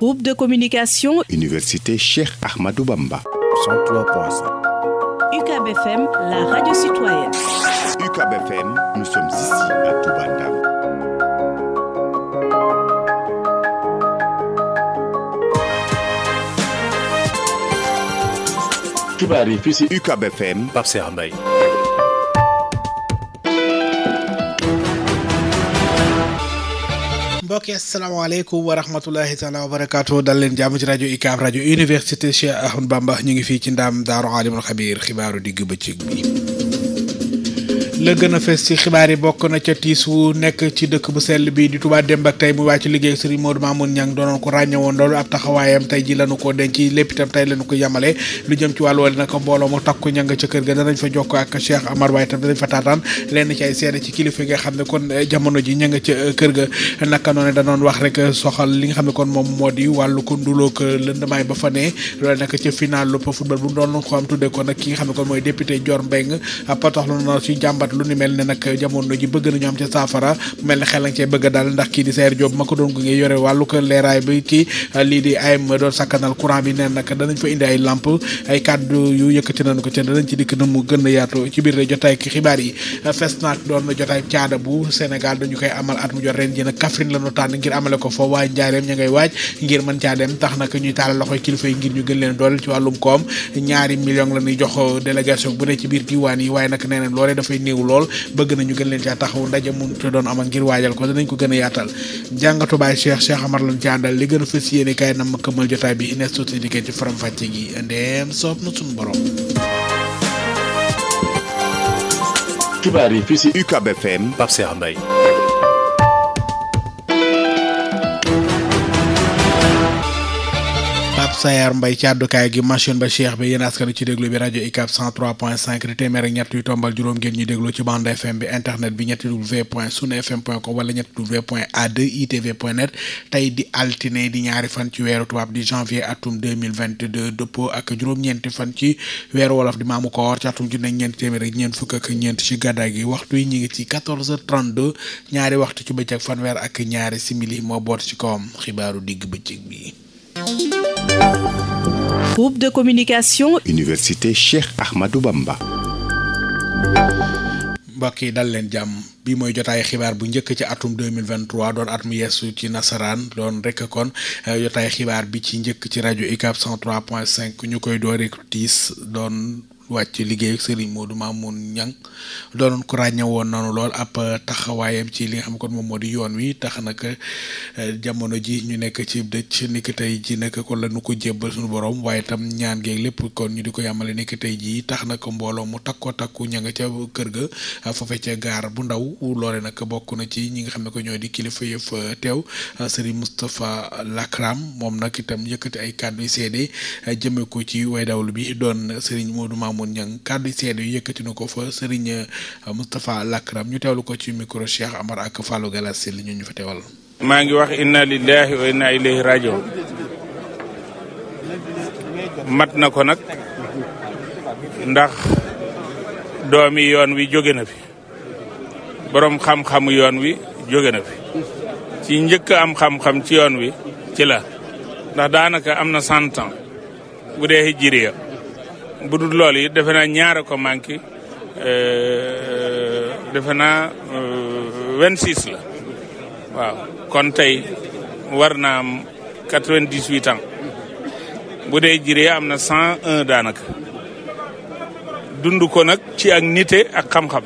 groupe de communication Université Cheikh Ahmadou Bamba 103.5 FM, la radio citoyenne UCAB FM, nous sommes ici à Touba Ndam xibaar yi fii ci UCAB FM mbokk yi asalaamaaleykum wa rahmatulahi taala wa barakaatu dal leen jàmm ci rajo UCAB rajo université Cheikh Ahmadou Bamba ñu ngi fii ci ndaam daaru alimul xabiir xibaaru diggu bëccëg bi la gën a fees ci xibaar yi bokk na ca tiis wu nekk ci dëkk bu sell bi di Touba démb ak tey mu wàcc liggéey Serigne Modou Mamoun Niang doonoon ko ràññewoon loolu ab taxawaayam tey ji lañu ko denc lépp itam tey lañu ko yemale lu jëm ci wàllu wala nag mbooloo mu takku ña nga ca kër ga danañ fa jokk ak Cheikh Amar waaye itam danañ fa taataan lenn nga xam ne kon jamono ji ña nga ca kër ga naka noonu danoon wax rek soxal li nga xam ne kon moom moo wàllu ko nduloog lëndamaay ba fa ne loolu nag ca final lu football bu doon ko am tuddee ko nag ne kon mooy député Dior Mbengue patoxlu jàmbat lu ni mel ne nag jamono ji bëgg nañu am ca saafara mel ne xelang cee bëgg daal ndax kii di Saer Diop ma ko doon gunge yore wàllu ko leeraay bi ci uh, lii di ayem doon sakkanal courant bi neen nag danañ ko ca danañ ci dikk na mu a yaatu ci biir jotaay ki xibaar yi uh, fes naag doon jotaay caada bu Sénégal dañu koy amal at mu jot ren ji nag Kaffrine la tànn ngir amale ko foofu waaye njaareem ña ngay waaj ngir mën caa tax nag ñuy taal loxoy kilifa yi ngir ñu gën leen dooleel ci wàllum koom ñaari million la jox uh, délégation bu ne wu lool bëgg nañu gën leen caa taxaw ndaje mun te doon amal ngir waajal ko dinañ ko gën a yaatal jàngatu baay Cheikh Cheikh Amar lañ ci àndal li gën a fës yéene kaay na ma këmal jotaay bi ines tuuti dikkee ci faram fàcce gi ndeem soob na suñu borom yi fii si UCAB Sayar Mbay ci àddukaay gi machine ba cheikh bi yéen askan ci déglu bi rajo ICAP 103.5 di téeméer ak ñett yu tombal juróom ngeen ñuy déglu ci bande FM bi internet bi ñetti w point fm point wala ñetti w point itv net tey di altine di ñaari fan ci weeru tubaab di janvier atum 2022 dëppoo ak juróom-ñeenti fan ci weeru wolof di maamu koor ci atum junne ñeenti téeméer ak ñeent fukk ñeent ci gàddaay gi waxtu yi ñu ngi ci 14h32 ñaari waxtu ci bëccëg fanweer ak ñaari simili moo boot ci kawam xibaaru digg bëccëg bi Groupe de communication. Université Cheikh Ahmadou Bamba. mbokk yi dal leen jàmm bi mooy jotaay xibaar bu njëkk ci atum 2023 doon at mu yeesu ci nasaraan doon rek kon euh, jotaay xibaar bi ci njëkk ci rajo UCAB 103.5 ñu koy door rek tiis doon. wàcc liggéey ak moo Modou Mamoun Niang doonoon ko ràññewoon nanu lool ab taxawaayam ci li nga xam kon moom moo di yoon wi tax nag eh, jamono ji ñu nekk ci dëj ni tey ji nag kon la nu ko jébbal suñu borom waaye tam ñaan geeg lépp kon ñu di ko yàmmale ni ki tey jii tax nag mbooloo mu takko takku ña nga ca kër ga eh, foofe ca gaar bu ndaw loole nag bokk na ci ñi nga xam ne ko ñoo di kilifa yëf eh, teew Serigne Moustapha Lakram moom nag itam yëkkati ay kàddu yu seede jëme ko ci way bi doon Serigne Modou Mamoun Mamoun Niang kàddu seede yu yëkkati na ko fa Serigne lakk uh, Lakram ñu teewlu ko ci micro Cheikh Amar ak Fallou Galass li ñu ñu fa teewal. maa ngi wax inna lillahi wa inna ilayhi rajiun mat na ko nag ndax doomi yoon wi jóge na fi boroom xam-xamu yoon wi jóge na fi ci njëkk am xam-xam ci yoon wi ci la ndax daanaka am na santa ans bu dee hijriya bu lool loolu yi defe naa ñaara ko manqué euh, defe naa 26 euh, la waaw kon tey war naa am 98 ans bu dee jiree am na 101 daanaka dund ko nag ci ak nite ak xam-xam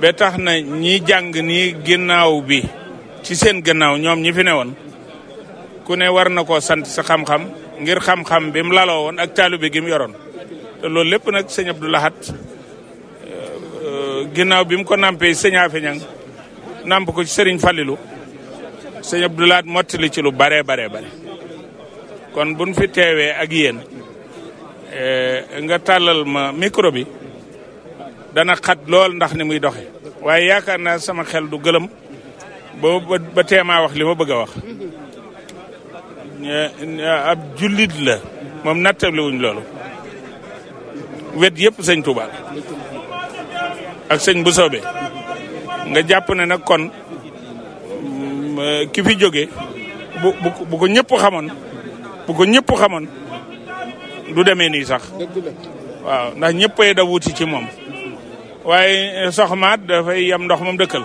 ba tax na ñi jàng ni ginnaaw bi ci seen gannaaw ñoom ñi fi ne woon ku ne war na koo sant sa xam-xam ngir xam-xam bi mu laloo woon ak taalu bi gi mu yoroon te lépp nag sëñ Abdou Lahad euh, ginnaaw bi ko nampee sëñ Afe namp ko ci Serigne Fallilou sëñ Abdou Lahad mottali ci lu baree baree bare kon buñ fi teewee ak yéen euh, nga tàllal ma micro bi dana xat lool ndax ni muy doxe waaye yaakaar naa sama xel du gëlëm ba ba teemaa wax li ma bëgg a wax ab jullit la moom nattable wuñ loolu wet yépp sëñ Touba ak sëñ bu soobee nga jàpp ne nag kon mm, euh, ki fi jóge bu bu ñëpp xamoon bu ko ñëpp xamoon du demee nii sax waaw ndax ñëppay da wuti ci moom waaye euh, soxmaat dafay yam ndox moom dëkkal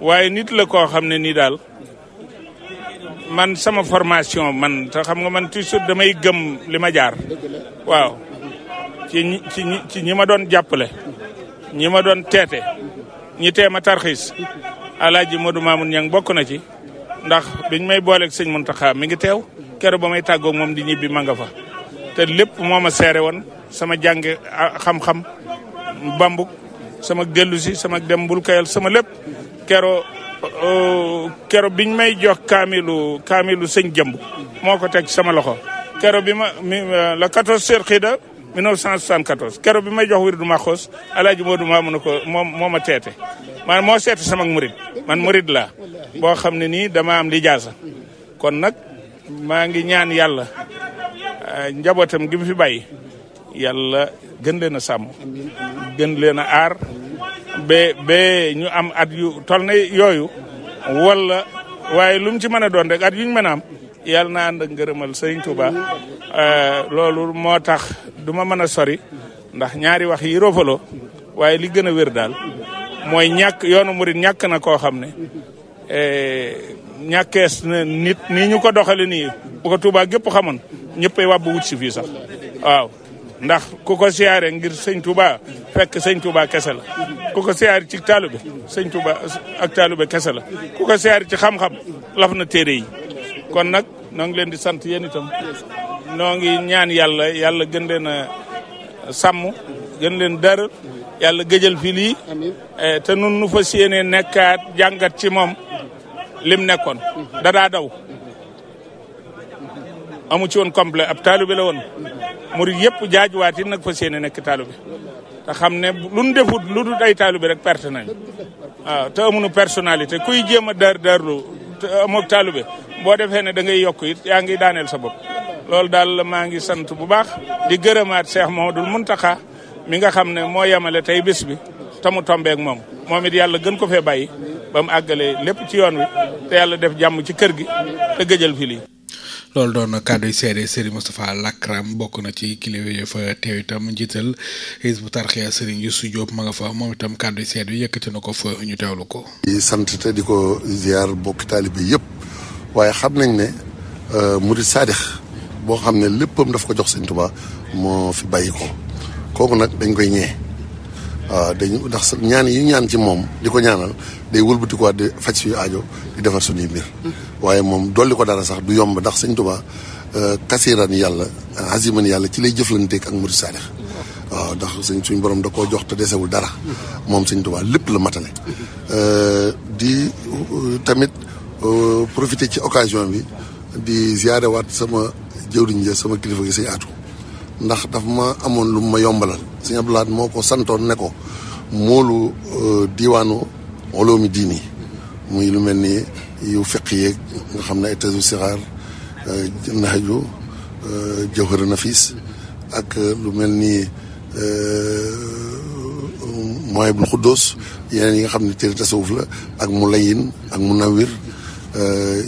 waaye nit la koo xam ne nii daal man sama formation man te xam nga man toujours damay gëm li ma jaar waaw ci ñi ci ñi ci ñi ma doon jàppale ñi ma doon teete ñi teema tarxiis alaaji Modou Mamoun Niang bokk na ci ndax biñ may booleeg sëñ Muntaxa mi ngi teew keroog ba may tàggoo moom di ñibbi ma nga fa te lépp moo ma seere woon sama jànge xam-xam bambuk sama dellu si sama dem bul kayal sama lépp kero kero biñ may jox kaamilu kaamilu sëñ jëmb moo ko teg sama loxo kero bi ma la 14 heures 1974 keroog bi may jox wirdu Maxoos alaaji Moodu maa mun na ko moom moo ma teete man moo seete sama murid man murid laa boo xam ne nii dama am lijaasa kon nag maa ngi ñaan yàlla eh, njabootam gi mu fi bàyyi yàlla gën leen a sàmm gën leen a aar ba ba ñu am at yu tol na yooyu wala waaye lu ci mën a doon rek at yuñ mën a am yàlla na ànd ak ngërëmal Serigne Touba eh, loolu moo tax du ma mën a sori ndax ñaari wax yi rofaloo waaye li gën a wér daal mooy ñàkk yoonu murit ñàkk na koo xam ne eh, ñàkkees na nit nii ñu ko doxale nii bu ko Touba gépp xamoon ñëppay wàbbu wut si fii sax waaw ndax ku ko siyaare ngir sëñ Touba fekk sëñ Touba kese la ku ko siyaare ci taalube sëñ Touba ak taalube kese la ku ci xam-xam laf na téere yi kon nag noo ngi leen di sant yéen tam noo ngi ñaan yàlla yàlla gën leen a sàmm gën leen dër yàlla gëjal fi lii eh, te nun nu fas yéenee jàngat ci moom lim nekkoon da daw amu ci woon complet ab taalibe la woon murid yëpp jaajuwaat yi nag fas yéene nekk taalibe te xam ne luñ defut lu dul ay taalibe rek perte nañ waaw te amuñu personnalité kuy jéem a dar darlu amook eh, taalube boo defee ne da ngay yokk it yaa ngi daaneel sa bopp loolu daal maa ngi sant bu baax di gërëmaat Cheikh Mouhamadoul Mountakha mi nga xam ne moo yemale tey bés bi te mu tombeek moom moom it yàlla gën ko fee bàyyi ba mu àggalee lépp ci yoon wi te yàlla def jàmm ci kër gi te gëjal fi loolu doon na kàddu yi seede Serigne Moustapha Lakram bokk na ci kilifa yi fa teew itam njiital Hizbut Tarqiyyah Serigne Youssou Diop ma nga fa moom itam kàddu yi seede yëkkati na ko fa ñu teewlu ko. sant te di ko ziar bokk taalibe yëpp waaye xam nañ ne euh, murid saadix boo xam ne léppam daf ko jox Sëñ Tuubaa moo fi bàyyi ko kooku nag dañ koy ñee waaw dañ ndax ñaan yi ñaan ci moom di ko ñaanal. day wëlbati ko di faj suñu aajo di defar suñuy mbir. waaye moom dolli ko dara sax du yomb ndax sëñ Tuubaa euh, kasiran yàlla aziman yàlla ci lay jëflanteek ak murid saalix waaw ndax sëñ suñ borom da koo jox te desewul dara moom sëñ Tuubaa lépp la matale euh, di euh, tamit profité ci occasion bi di ziarewaat sama jëwriñ ja sama kilifa gi sëñ aatu ndax daf ma amoon lu ma yombalal sëñ Abdou moo ko santoon ne ko moolu diiwaanu woloom mi diini muy lu mel ni yu feq yeeg nga xam ne ay tasu siraar euh, naxaju euh, jawhara nafis ak lu mel ni euh, mooy bul xuddoos yeneen yi nga xam ne téere tasawuf la ak mu layin ak mu nawir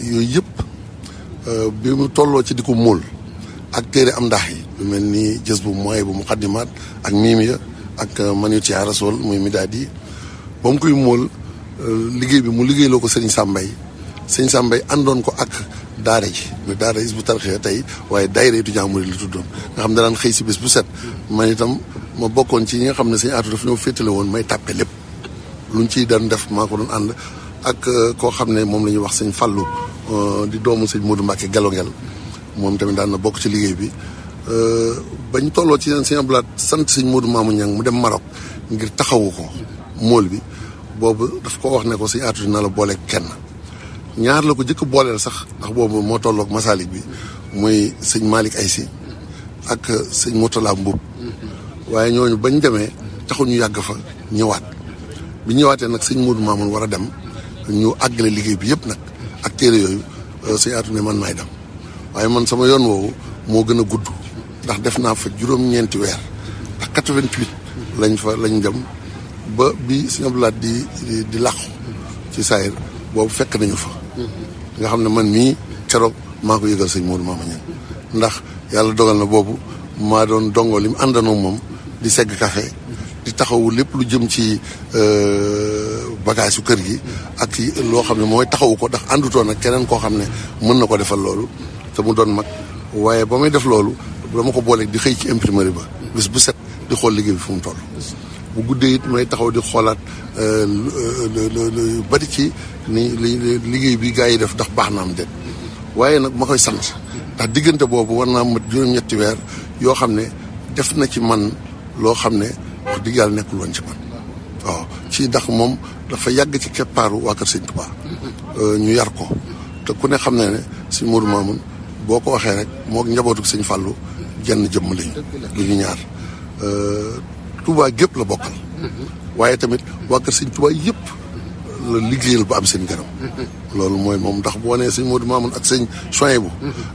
yooyu yëpp bi mu tolloo ci di ko móol ak téere am ndax yi lu mel ni jës bu mooy bu muqaddimaat ak miimiya ak man yu ci rasool muy midaad yi ba mu koy móol Euh, liggéey bi mu liggéey loo ko sëriñ Sambay sëriñ Sambay àndoon ko ak daara ji muy daara is bu tarxee tey waaye daayira étudiant murid la tuddoon nga xam ne daan xëy si bu set man itam ma bokkoon ci ñi nga xam ne sëriñ Atou daf ñoo féetale woon may tàppe lépp lu luñ ciy daan def maa ko doon ànd ak euh, koo xam ne moom la ñuy wax sëñ Fallu euh, di doomu sëñ Modou Mbacke Galongel moom tamit daan na bokk ci liggéey bi bañ tolloo ci seen sëñ Ablaat sant sëñ Modou Mamou Niang mu dem Maroc ngir taxawu ko mool bi boobu daf ko wax ne ko sëñ Atou la boole kenn ñaar la ko jëkk booleel sax ndax boobu moo tolloog masaalik bi muy sëñ Malick Aïssi ak sëñ Moutala Mbuub waaye ñooñu bañ demee taxul ñu yàgg fa ñëwaat bi ñëwaatee nag sëñ Modou Mamoun war a dem ñu àggale liggéey bi yëpp nag ak téere yooyu euh, sëñ Atou ne man may dem waaye man sama yoon woowu moo gën a gudd ndax def naa fa juróom-ñeenti weer ak 88 lañ fa lañ dem ba bi Sëñ Abdou Lahad di di làqu ci saayir boobu fekk nañu fa mhm. nga xam ne man mii keroog maa ko yëgal sëñ Modou Mama Niang ndax yàlla dogal na boobu maa doon dongo li mu àndandoo moom di segg café di taxawu lépp lu jëm ci euh, bagage su kër gi ak loo xam ne mooy taxawu ko ndax àndutoon ak keneen koo xam ne mën na ko defal loolu te mu doon mag waaye ba muy def loolu ma ko booleeg di xëy ci imprimerie ba bis bu set di xool liggéey bi fu mu toll bu guddee it may taxaw di xoolaat euh, lu bari ci ni liggéey bi gars yi def ndax baax na am déet waaye nag ma koy sant ndax diggante boobu war naa mat juróom-ñetti weer yoo xam ne def na ci man loo xam ne wax dëgg yàlla nekkul woon ci man waaw ci ndax moom dafa yàgg ci keppaaru waa Kër Sëñ Tuubaa euh, ñu yar ko te ku ne xam ne ne si Modou Mamoun boo ko waxee rek moo njabootu sëñ fàllu jenn jëmm lañu du ñu ñaar euh, Touba gépp la bokkal. waaye tamit waa kër sëñ Touba yëpp la liggéeyal ba am seen garam. loolu mooy moom ndax bu wanee sëñ Modou Mamoun ak sëñ Soyebu.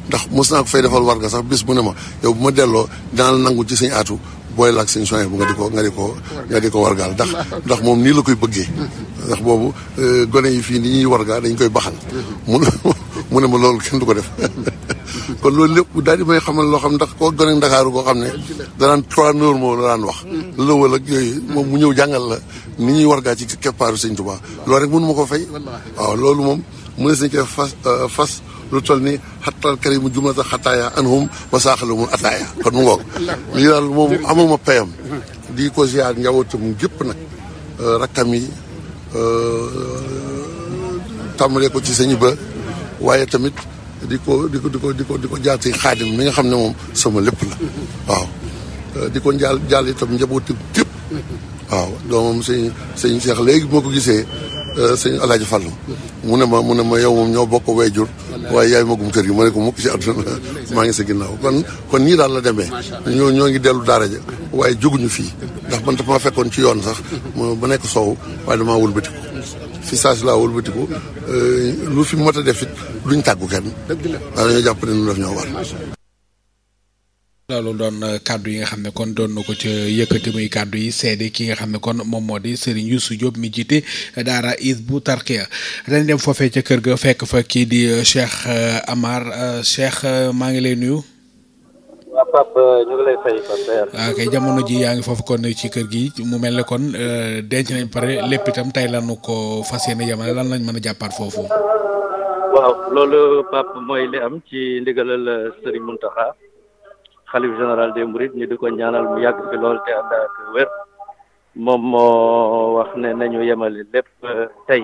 ndax mos naa ko fay defal war sax bis bu ne ma yow bu ma delloo dinaa nangu ci sëñ aatu booy laak sëñ Soyebu nga di ko nga di ko nga di ko wargaal ndax ndax moom nii la koy bëggee. ndax boobu euh, gone yi fii ni ñuy wargaal dañ koy baxal. mu ne ma loolu kenn du ko def. kon loolu lépp daal di may xamal loo xam ndax koo gone Ndakaaru koo xam ne danaan trois heures moo la daan wax mm. lëwal ak yooyu moom mu ñëw jàngal la ni ñuy war gaa ci keppaaru Sëñ Tuubaa mm. loolu rek mënu ma ko fay waaw loolu moom mën nañ ko fas euh, fas lu toll ni xattal karimu jumlata xataaya anhum wa saaxala mun ataaya kon mu ngoog lii daal moom amul ma payam di ko ziar njabootam gépp nag euh, rakkam euh, tàmbalee ko ci sëñ ba waaye tamit di ko di ko di ko di ko di ko jaatee xaadim mi nga xam ne moom sama lépp la waaw euh, di ko jaal jaal itam njabootu képp waaw doomam sëñ sëñ léegi bi ma ko gisee euh, sëñ Alaaji Fàllu mu ne ma mu ne ma yow moom ñoo bokk wayjur waaye yaay magum kër gi ma ne ko mu ci àdduna maa ngi sa ginnaaw kon kon nii daal la demee ñoo ñoo ngi dellu daara ja waaye jóguñu fii ndax man dafa ma fekkoon ci yoon sax ma nekk soow waaye damaa wëlbatiku fi saas laa wëlbatiku euh, lu fi mot a def it duñ tàggu kenn. dëgg la jàpp ne ñu def ñoo war. loolu doon euh, kàddu yi nga xam ne kon doon na ko ca yëkkati muy kàddu yi seede ki nga xam ne kon moom moo di Serigne Youssou Diop mi jiite daara is Hizbut Tarqiyyah dañ dem foofee ca kër ga fekk fa kii di euh, Cheikh Amar Cheikh maa ngi lay nuyu. Pape ñu ah, jamono ji yaa ngi foofu kon ci kër gi mu mel ne kon euh, denc nañ pare lépp itam tey lanu ko fas yéene yamale lan lañ mën a jàppaat foofu. waaw loolu Pape mooy li am ci ndigalal euh, Serigne Mountakha xalif général des Mourides ñu di ko ñaanal mu yàgg fi lool te ànd ak wér moom moo wax ne nañu yemale lépp euh, tey.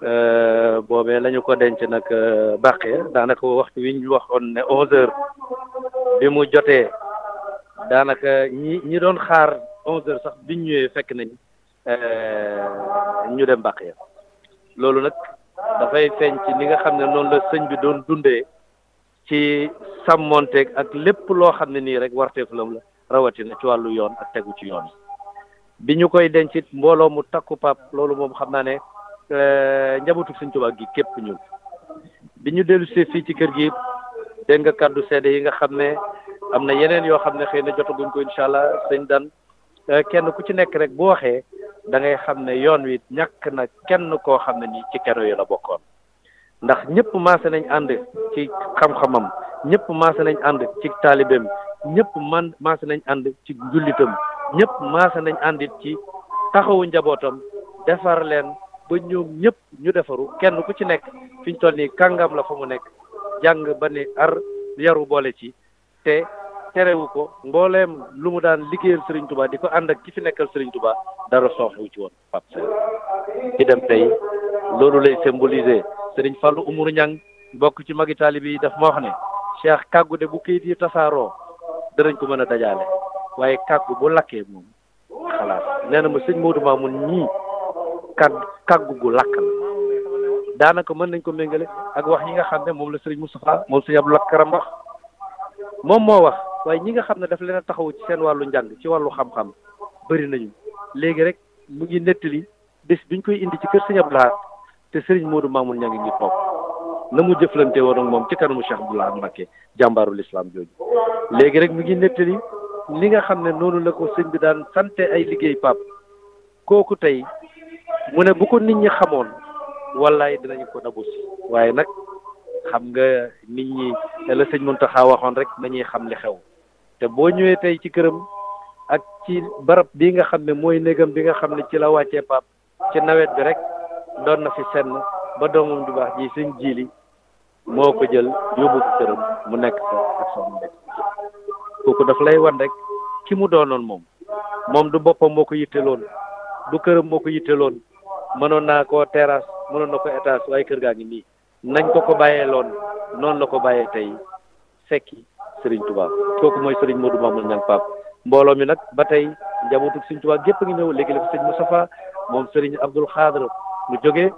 Euh, boobee la ko denc nag euh, bàqee daanaka waxtu wi ñu waxoon ne onze heures bi mu jotee daanaka ñi ñi doon xaar onze heures sax biñ ñëwee fekk nañ euh, ñu dem bàqee loolu nag dafay feeñ ci li nga xam ne noonu la sëñ bi doon dundee ci sàmmonteeg ak lépp loo xam ne nii rek warteef lam la rawatina ci wàllu yoon ak tegu ci yoon bi ñu koy dencit mbooloo mu takku pap loolu moom xam naa ne Euh, njabootu Sëñ Tuubaa gi képp ñu bi ñu dellu see fii ci kër gi dégg nga kàddu seede yi nga xam ne am na yeneen yoo xam ne xëy na jotaguñ ko incha allah sëñ dan euh, kenn ku ci nekk rek bu waxee da ngay xam ne yoon wi ñàkk na kenn koo xam ne ni ci keno yi la bokkoon ndax ñëpp maase nañ ànd ci xam-xamam ñëpp maase nañ ànd ci taalibeem ñëpp man maase nañ ànd ci njullitam ñëpp maase nañ àndit ci taxawu njabootam defar leen ba ñoom ñëpp ñu defaru kenn ku ci nekk fiñ toll nii kàngam la fa mu nekk jàng ba ne ar yaru boole ci te terewu ko mbooleem lu mu daan liggéeyal sëriñ Touba di ko ànd ak ki fi nekkal Serigne Touba dara sooxewu ci woon Pape Seye di dem tey loolu lay symboliser Serigne Fallou Umar Ñang bokk ci magi taalibe yi daf ma wax ne Cheikh kàggu de bu kayit yi tasaaroo danañ ko mën a dajaale waaye kàggu bu lakkee moom xalaat nee ma sëñ Modou Mamoun ñii kàgg kàggu gu làkk la daanaka mën nañ ko méngale ak wax ñi nga xam ne moom la sëriñ Moustapha moom sëriñ Abdou Karam wax moom moo wax waaye ñi nga xam ne daf leen a taxaw ci seen wàllu njàng ci wàllu xam-xam bëri nañu léegi rek mu ngi nettali bés biñ koy indi ci kër sëriñ te sëriñ Modou Mamoun ña ngi ñu toog na mu jëflante woon ak moom ci kanamu Cheikh Abdou Lahad Mbacké jàmbaaru lislaam li nga xam ne noonu la ko sëñ bi daan sante ay liggéey pap kooku tey mu ne bu ko nit ñi xamoon wallaay dinañ ko nabu si waaye nag xam nga nit ñi la sëñ Muntaxa waxoon rek nañuy xam li xew te boo ñëwee tey ci këram ak ci barab bi nga xam ne mooy néegam bi nga xam ne ci la wàccee pap ci nawet bi rek doon na fi senn ba doomam ju baax ji sëñ jiili moo ko jël yóbbu ko këram mu nekk fa ak soxna lay wan rek ki mu doonoon moom moom du boppam moo ko yitteloon du këram moo ko yitteloon mënoon naa koo terrasse mënoon na ko waaye kër gaa ngi nii nañ ko ko bàyyee loon noonu la ko bàyyee tey fekki Serigne Touba kooku mooy Serigne Modou Mamoune Niang Pape mbooloo mi nag ba tey njabootu Serigne Touba gépp ngi ñëw léegi la fi sëñ Moustapha moom Serigne Abdoul Khadre mu jógee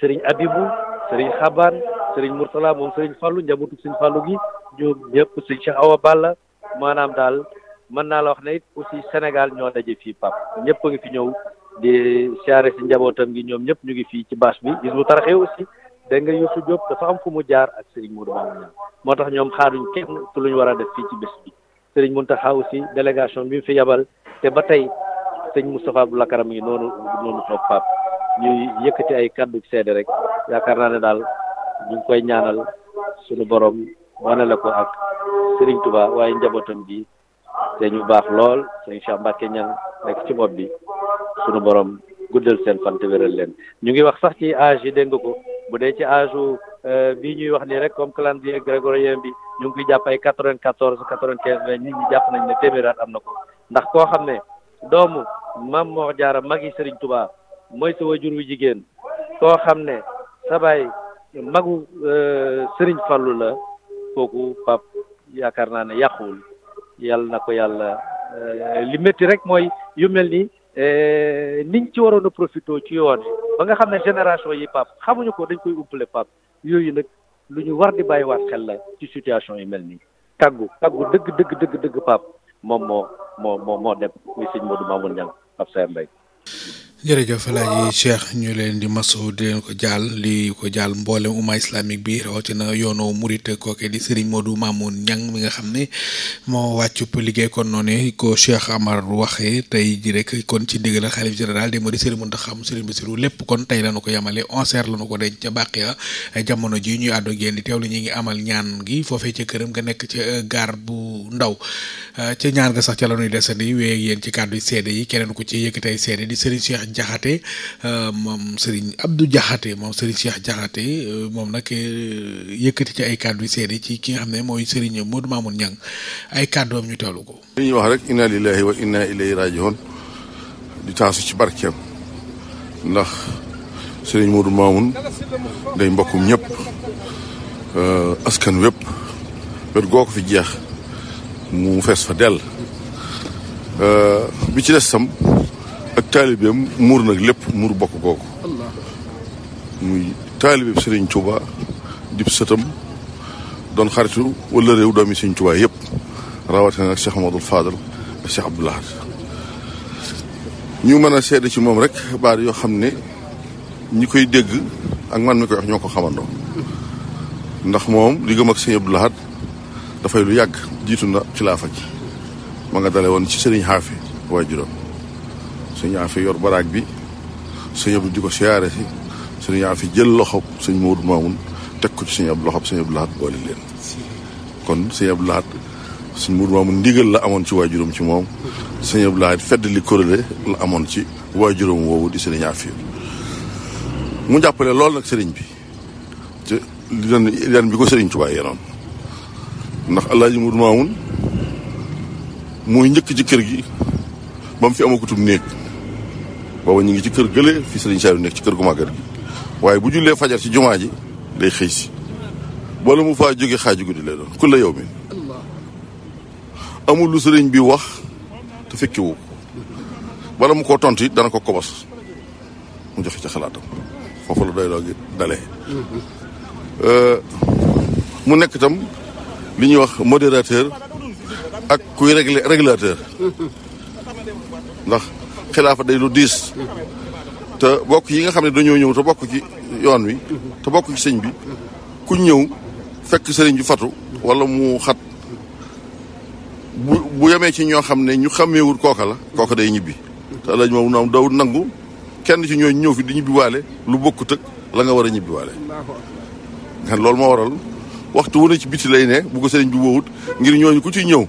Serigne Abibou Serigne Xabaan Serigne Mourtala moom Serigne Fallou njabootu Serigne Fallou gi ñoom ñëpp Serigne Cheikh Awa Balla maanaam daal mën naa la wax ne it aussi Sénégal ñoo daje fii Pape ñëpp a ngi fi ñëw. di siyaare si njabootam gi ñoom ñëpp ñu ngi fii ci bâche bi gis bu taraxee aussi dégg nga Youssou Diop dafa am fu mu jaar ak Serigne Modou Mamoune Niang moo tax ñoom xaaruñ kenn ku lu ñu war a def fii ci bés bi Serigne Mountakha aussi délégation bi fi yabal te ba tey sëñ Moustapha la karam mi noonu noonu toog Pape ñuy yëkkati ay kàddu seede rek yaakaar naa ne daal ñu ngi koy ñaanal sunu borom wane la ko ak Serigne Touba waaye njabootam gi. te ñu baax lool sëñ Cheikh Mbacke ñan nekk ci bopp bi sunu borom guddal seen fan te wéral leen ñu ngi wax sax ci âge yi dégg nga ko bu dee ci âge euh, bii ñuy wax nii rek comme calendrier grégorien bi ñu ngi koy jàpp ay quatre-vingt-quatorze quatre-vingt-quinze mais nit ñi jàpp nañ ne téeméer am na ko ndax koo xam ne doomu Maam moo Jaara mag yi Sëriñ Tuubaa mooy sa wajur wu jigéen koo xam ne sa baay magu euh, Sëriñ Fallu la kooku pap yaakaar naa ne yàquwul yàlla na ko yàlla euh, li métti rek mooy yu mel ni euh, niñ ci waroon a profité ci yoon ba nga xam ne génération yi pap xamuñu ko dañ koy umpale pap yooyu nag lu ñu war di bàyyiwaat xel la ci situation yu mel nii kàggu kàggu dëgg dëgg dëgg dëgg pap moom moo moo moo moo dem mi sëñ Modou Mamoun Niang Pape Saer Mbaye jërëjëf Alaaji Cheikh ñu leen di masu di ko jaal di ko jaal mboolem umma islamique bi rawatina yoonu murit kooke di Serigne Modou Mamoun Niang mi nga xam ne moo wàccub liggéey kon noonu ko Cheikh Amar waxee tey ji kon ci ndigal xalif général di Mourid Serigne Mountakha Serigne Bassirou lépp kon tey lañu ko yemale onze heures lañu ko denc ca Baqiya jamono ji ñuy àddu génn di teewlu ñu ngi amal ñaan gi foofee ca këram nga nekk ca gaar bu ndaw ca ñaan nga sax ca la ñuy desandi wéy yéen ci kàddu seede yi keneen ko ci yëkkatay seede di Serigne Cheikh Jaxate euh, moom Serigne Abdou Jaxate moom Serigne Cheikh Jaxate euh, moom nag euh, yëkkati ci ay kàddu yu ci ki xam ne mooy Serigne Modou Mamoun Niang ay kàddu am ñu teewlu ko. li ñuy wax rek inna lillahi wa inna ilayhi rajiun di taasu ci barkeem ndax sëriñ Modou Mamoun day mbokkum ñëpp askan wépp wet goo fi jeex mu fees fa dell bi ci des sam ak taalibeem muur nag lépp muur bokk googu muy taalibeem Serigne Touba dib sëtam doon xaritu wala réew doomi Serigne Touba yëpp rawatina nag Cheikh Amadou Fadal ak Cheikh Abdou ñu mën a seede ci moom rek baat yoo xam ne ñi koy dégg ak man mi koy wax ñoo ko xamandoo ndax moom li gëm ak Serigne Abdou dafay lu yàgg jiitu na xilaafa ji ma nga dale woon ci Serigne Xaafi waajuram suñu yaa fi yor baraag bi suñu yëpp di ko siyaare si suñu yaa fi jël loxob suñ Moodu Maamun teg ko ci suñu ab loxob suñu Abdu Lahat boole leen kon suñu Abdu Lahat suñ Moodu Maamun ndigal la amoon ci waajuram ci moom suñu Abdu Lahat fedd li kuréel la amoon ci waajuram woowu di suñu yaa fi mu jàppale lool nag sëriñ bi te li doon yan bi ko sëriñ Tuubaa yenoon ndax Alaaji Moodu Maamun mooy njëkk ci kër gi ba mu fi amakutum néeg booba ñu ngi ci kër gële fi Serigne Saliou nekk ci kër gu màggat gi waaye bu jullee fajar ci jumaa ji day xëy si wala mu faa jóge xaaju guddi lay doon ku la yow mi amul lu sëriñ bi wax te fekkiwu wala mu koo tontu dana ko kobos mu joxe ci xalaatam foofu la doy loo gi euh, mu nekk itam li ñuy wax modérateur ak kuy régler régulateur ndax xilaafa day lu diis te bokk yi nga xam ne dañoo ñëw te bokk ci yoon wi te bokk ci sëñ bi ku ñëw fekk sëriñ bi fatu walla mu xat bu bu yemee ci ñoo xam ne ñu xàmmeewul kooka la kooka day ñibbi te lañ moom noom daw nangu kenn ci ñooñu ñëw fi di ñibbiwaale lu bokkut ak la nga war a ñibbiwaale loolu moo waral waxtu wu ne ci biti lay ne bu ko bi woowut ngir ñooñu ku ci ñëw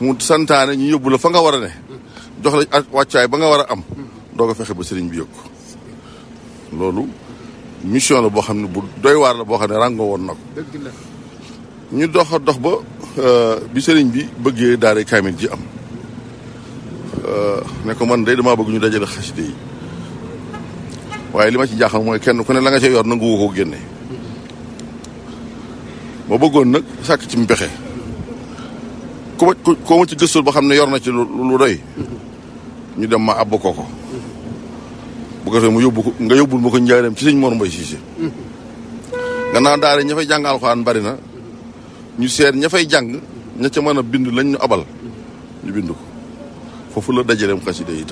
mu santaane ñu yóbbu la fa nga war a ne jox la ak wàccaay ba nga war a am doo ko fexe ba sëriñ bi yëg ko loolu mission la boo xam ne bu doy waar la boo xam ne ràngoo woon na ko ñu dox dox ba euh, bi sëriñ bi bëggee daare kaamil ji am euh, ne ko man day damaa bëgg ñu dajale xaside yi waaye li ma ci jaaxal mooy kenn ku ne la nga ca yor nangu ko génne ma bëggoon nag sàkk ci mu pexe ku ma ci gëstul ba xam ne yor na ci lu doy ñu dem ma abbu ko ko bu mu yóbbu ko nga yóbbul ma ko njaareem ci sëñ Mor Mbaye Cissé gannaaw daara ña fay jàng alxuraan bari na ñu seet ña jàng ña ca mën a bind lañ abal ñu bind ko foofu la dajaleem xasida yi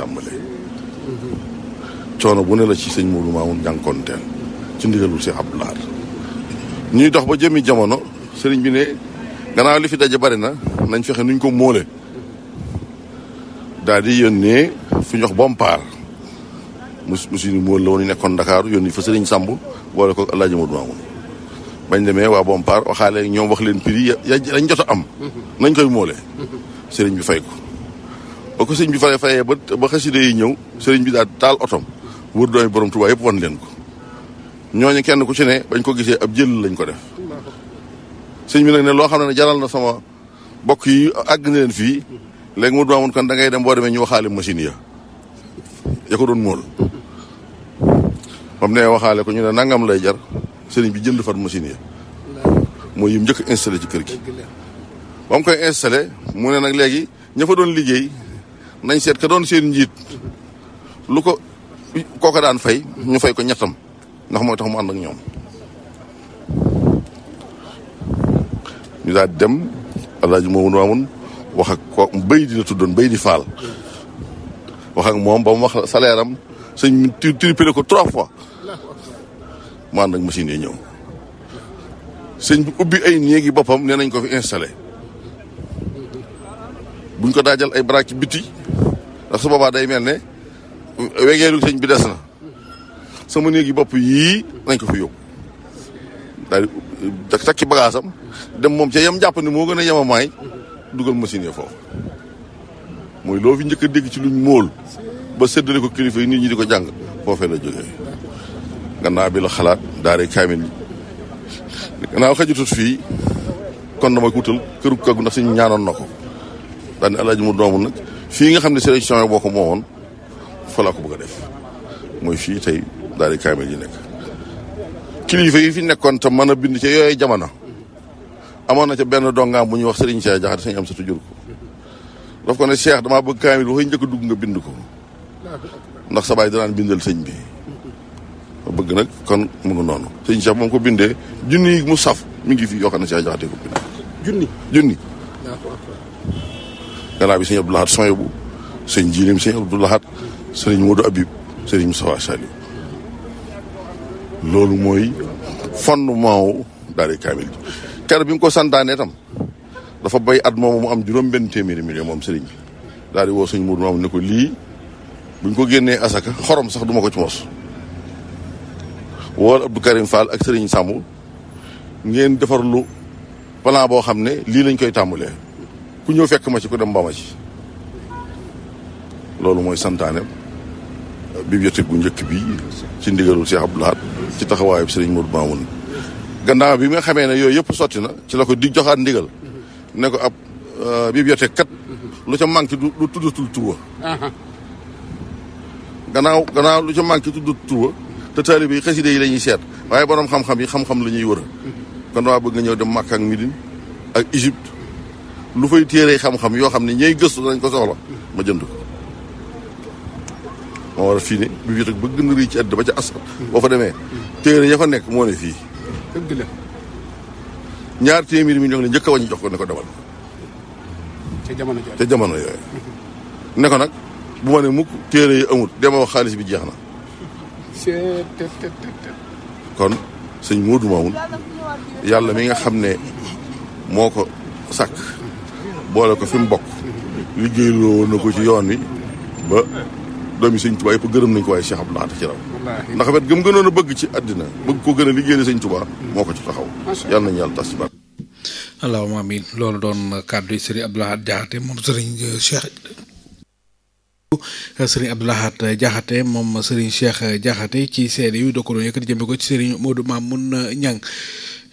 coono bu ne la ci sëñ Modou Mamoun jànkoonteel ci ndigalul si Abdoulaye ñuy dox ba jëmi jamono sëriñ bi ne gannaaw li fi daje bari na nañ fexe nuñ ko móole daal di yónnee fu ñox bompaar mu si móol la woon ñu nekkoon Dakar yónni fa sëriñ Samb boole ko El Hadj Modou Mamoun bañ demee waa bompaar waxaale ñoom wax leen prix ya lañ jot am. nañ koy móole. sëriñ bi fay ko. ba ko sëriñ bi fay fayee ba ba yi ñëw sëriñ bi daal taal otom wër doomi borom Tuubaa yëpp wan leen ko ñooñu kenn ku ci ne bañ ko gisee ab jël lañ ko def. sëñ bi nag ne loo xam ne jaral na sama bokk yi àgg na leen fii léegi mu doomoon kon da ngay dem boo demee ñu waxaale machine ya ya doon mool bam ne waxaale ko ñu ne nangam lay jar sëriñ bi jënd far machine ya mooy yim njëkk installé ci kër gi ba koy installé mu ne nag léegi ña doon liggéey nañ seet ka doon seen njiit lu ko kooka daan fay ñu fay ko ñettam ndax mooy tax mu ànd ak ñoom ñu daal di dem alaaji moomun waamun wax ak ko béy dina tuddoon béy di faal wax ak moom ba wax saleeram am sëñ tripéré ko trois fois mu ànd ak machine yi ñëw sëñ bi ubbi ay néegi boppam nee nañ ko fi installé buñ ko daajal ay baraak ci biti ndax su boobaa day mel ne wegeelu sëñ bi des na sama néegi bopp yii nañ ko fi yóbbu takki bagage am dem moom ca yem jàpp ne moo gën a yemamaay dugal machine yi foofu mooy loo fi njëkk a dégg ci luñ móol ba séddale ko kilifa yi nit ñi di ko jàng foofee la jógee gannaaw bi xalaat daare kaamil yi gannaaw xajutut fii kon dama ko wutal këru kaggu ndax suñu ñaanoon na ko daane alaaji mu doomu nag fii nga xam ne sélection yi boo ko moomoon fa laa ko bëgg a def mooy fii tey daare kaamil yi nekk kilifa yi fi nekkoon te mën a bind ca yooyu jamono amoon na ce benn dongaam bu ñuy wax Serigne Cheikh Jaxate Serigne Amsatu jur ko daf ko ne Cheikh damaa bëgg kaamil waxuy njëkk dugg nga bind ko ndax sa baay bindal sëñ bi bëgg nag kon mu ngi noonu sëñ Cheikh moom ko bindee junni mu saf mi ngi fi yoo xam ne Cheikh Jaxate ko bind junni junni gannaaw bi sëñ Abdou Lahad Soyebu sëñ Jilim sëñ Abdou Lahad sëriñ Modou Abib sëriñ Moustapha Saliou loolu mooy fondement wu daara kaamil ji kër bi nga ko santaane tam dafa bay at moomu mu am juróom benn téeméeri million moom sëriñ bi daal di woo suñ muur maamu ne ko lii buñ ko génnee asaka xorom sax duma ko ci mos wool Abdou Karim Fall ak sëriñ Sàmb ngeen defarlu plan boo xam ne lii lañ koy tàmbalee ku ñëw fekk ma ci ku dem ba ci loolu mooy santaane bibliothèque bu njëkk bi ci ndigalul Cheikh Abdou Lahad ci taxawaayu Serigne Modou Mamoun gannaaw bi nga xamee ne yooyu yëpp sotti na ci la ko di joxaat ndigal ne ko ab euh, bibliothèque kat lu ca manqué du lu tuddatul tuwa gannaaw gannaaw lu ca manqué tuddut tuwa te taalibe yi xaside yi la seet waaye borom xam-xam yi xam-xam la ñuy wër kon waa bëgg na ñëw dem Makka ak Midine ak Égypte lu fay téere xam-xam yoo xam ne ñooy gëstu dañ ko soxla ma jënd ko moo war a fii ne bibliothèque ba gën a rëy ci àddina ba ca asal boo fa demee téere ya fa nekk moo ne fii ñaar téeméeri mi ñoo ne njëkk a wàññi jox ko ne ko demal ca jamono yooyu ne ko nag bu ma ne mukk téere yi amul dema wax xaalis bi jeex na kon sëñ Moodu Maamun yàlla mi nga xam ne moo ko sàkk boole ko fi mu bokk liggéey loo na ko ci yoon wi ba doomi sëñ Tuubaa yëpp gërëm nañ ko waaye Cheikh Abdou Lahad ci raw ndax wet gëm gënoon a bëgg ci àddina bëgg ko gën a liggéeyal sëñ Tuubaa moo ko ci taxaw yàlla nañu yàlla tas ci barke allahumma amiin loolu doon kàddu sëriñ Abdou Lahad Jaxate moom sëriñ Cheikh sëriñ Jaxate moom sëriñ Cheikh Jaxate ci seede yu da ko doon yëkkati jëmee ko ci sëriñ Modou Mamoun Niang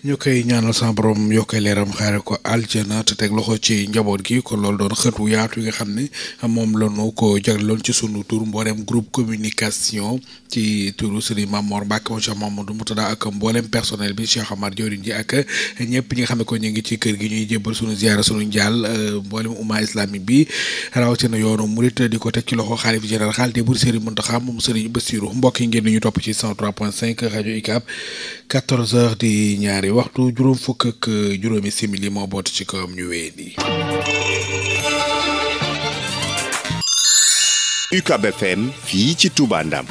ñu koy ñaanal sama borom yokkee leeram xaare ko aljana te teg loxo ci njaboot gi ko loolu doon xëtu yaatu yi nga xam ne moom la ñu ko jagleeloon ci sunu tur mboolem groupe communication ci turu Serigne Mamor Mbacke moom Cheikh Mamadou Moutada ak mboolem personnel bi Cheikh xam ne ko ñu ngi ci kër gi ñuy jébbal sunu ziara sunu njaal euh, mboolem umma islamique bi rawatina yoonu murit ci loxo xaalif général te bu Serigne Mountakha moom Serigne Bassirou mbokk yi ngeen ñu topp ci rajo UCAB 14 di ñaari waxtu juróom eh, juróomi simili moo boot ci kawam ñu wéy nii. UCAB FM fii ci Touba Ndam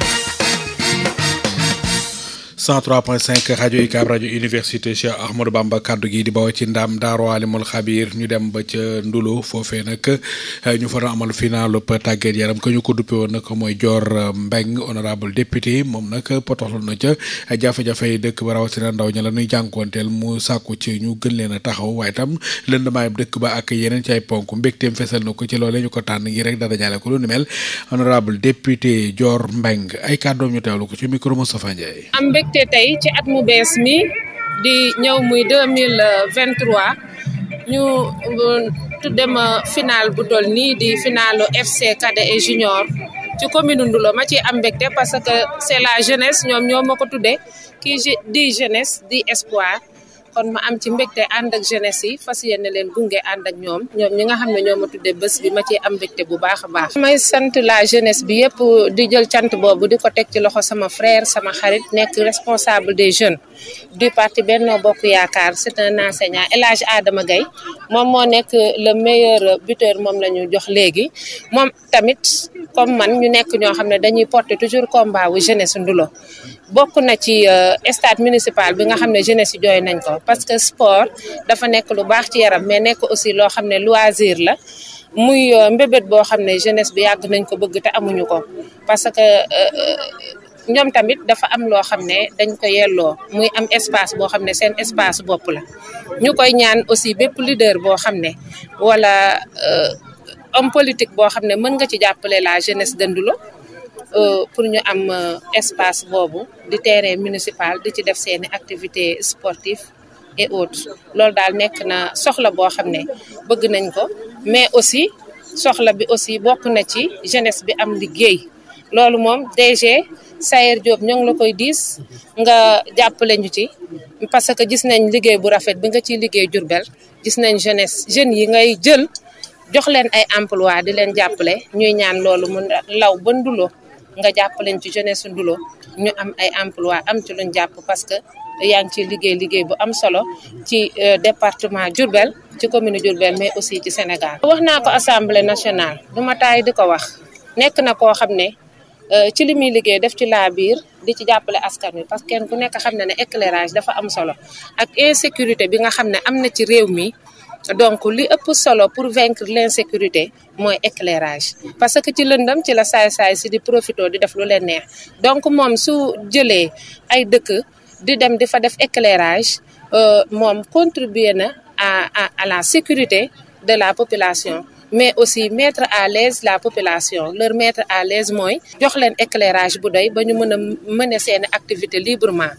103.5 rajo UCAB rajo université Cheikh Ahmadou Bamba kàddu gi di bawoo ci ndam Daaru Alimul Xabiir ñu dem ba ca ndulo foofee nag ñu fa amal final tàggat yaram que ñu ko duppe woon nag mooy Dior Mbeng honorable député moom nag potoxlu na ca jafe-jafe yi dëkk ba rawatina ndaw ña la ñuy jànkoonteel mu sàkku ci ñu gën leen a taxaw waaye tam lëndamaayub dëkk ba ak yeneen ci ay ponk mbégteem fesal na ko ci loolee ñu ko tànn ngi rek dara jaale ko lu ni mel honorable député Dior Mbeng ay kàddoom ñu ko ci micro Moustapha te tey ci at mu bees mi di ñëw muy deux mille vingt trois ñu euh, tudde ma final bu toll nii di finalu FC cadet et junior ci commune Ndulo ma ci am mbégte parce que c'est la jeunesse ñoom ñoom ma ko ki kii di jeunesse di espoir kon ma am ci mbégte ànd ak jeunesse yi fas yéene leen gunge ànd ak ñoom ñoom ñi nga xam ne ñoo ma tuddee bés bi ma ci am mbégte bu baax a baax may sant la jeunesse bi yëpp di jël cant boobu di ko teg ci loxo sama frère sama xarit nekk responsable des jeunes du parti Benno Bokk Yaakaar c'est un enseignant El Hadj Adama Gaye moom moo nekk le meilleur buteur moom la ñu jox léegi moom tamit comme man ñu nekk ñoo xam ne dañuy porter toujours combat wu jeunesse bokk na ci euh, stade municipal bi nga xam ne jeunesse yi jooy nañ ko parce que sport dafa nekk lu baax ci yaram mais nekk aussi loo xam ne loisir la muy euh, mbébét boo xam ne jeunesse bi yàgg nañ ko bëgg te amuñu ko parce que euh, ñoom tamit dafa am loo xam ne dañ ko yelloo muy am espace boo xam ne seen espace bopp la ñu koy ñaan aussi bépp leader boo xam ne wala homme politique boo xam ne mën nga ci jàppale la jeunesse dëndulo Euh, pour ñu am euh, espace boobu di terrain municipal di ci def seeni activité sportive et autres loolu daal nekk na soxla boo xam ne bëgg nañ ko mais aussi soxla bi aussi bokk na ci jeunesse bi am liggéey loolu moom DG Sayer Diop ñoo ngi la koy diis nga jàppale ñu ci parce que gis nañ liggéey bu rafet bi nga ciy liggéey Jurbel gis nañ jeunesse jeunes yi ngay jël jox leen ay emploi di leen jàppale ñuy ñaan loolu mun law ba nduloo nga jàppaleen ci jeunesse Ndulo ñu am ay emploi am ci luñ jàpp parce que yaa ngi ci liggéey liggéey bu am solo ci euh, département Diourbel ci commune Diourbel mais aussi ci Sénégal wax naa ko assemblée nationale du ma taay di ko wax nekk na koo xam ne euh, ci li muy liggéey def ci laa biir di ci jàppale askan wi parce que kenn ku nekk xam ne ne éclairage dafa am solo ak insécurité bi nga xam ne am na ci réew mi donc li ëpp solo pour vaincre sécurité mooy éclairage parce que ci lëndëm ci la saay-saay si di profito di def lu leen neex donc moom su jëlee ay dëkk di dem di fa def éclairage euh, moom contribuer na à à la sécurité de la population mais aussi mettre à l'aise la population leur mettre à l'aise mooy jox leen éclairage bu doy ba ñu mën a mener seeni activité librement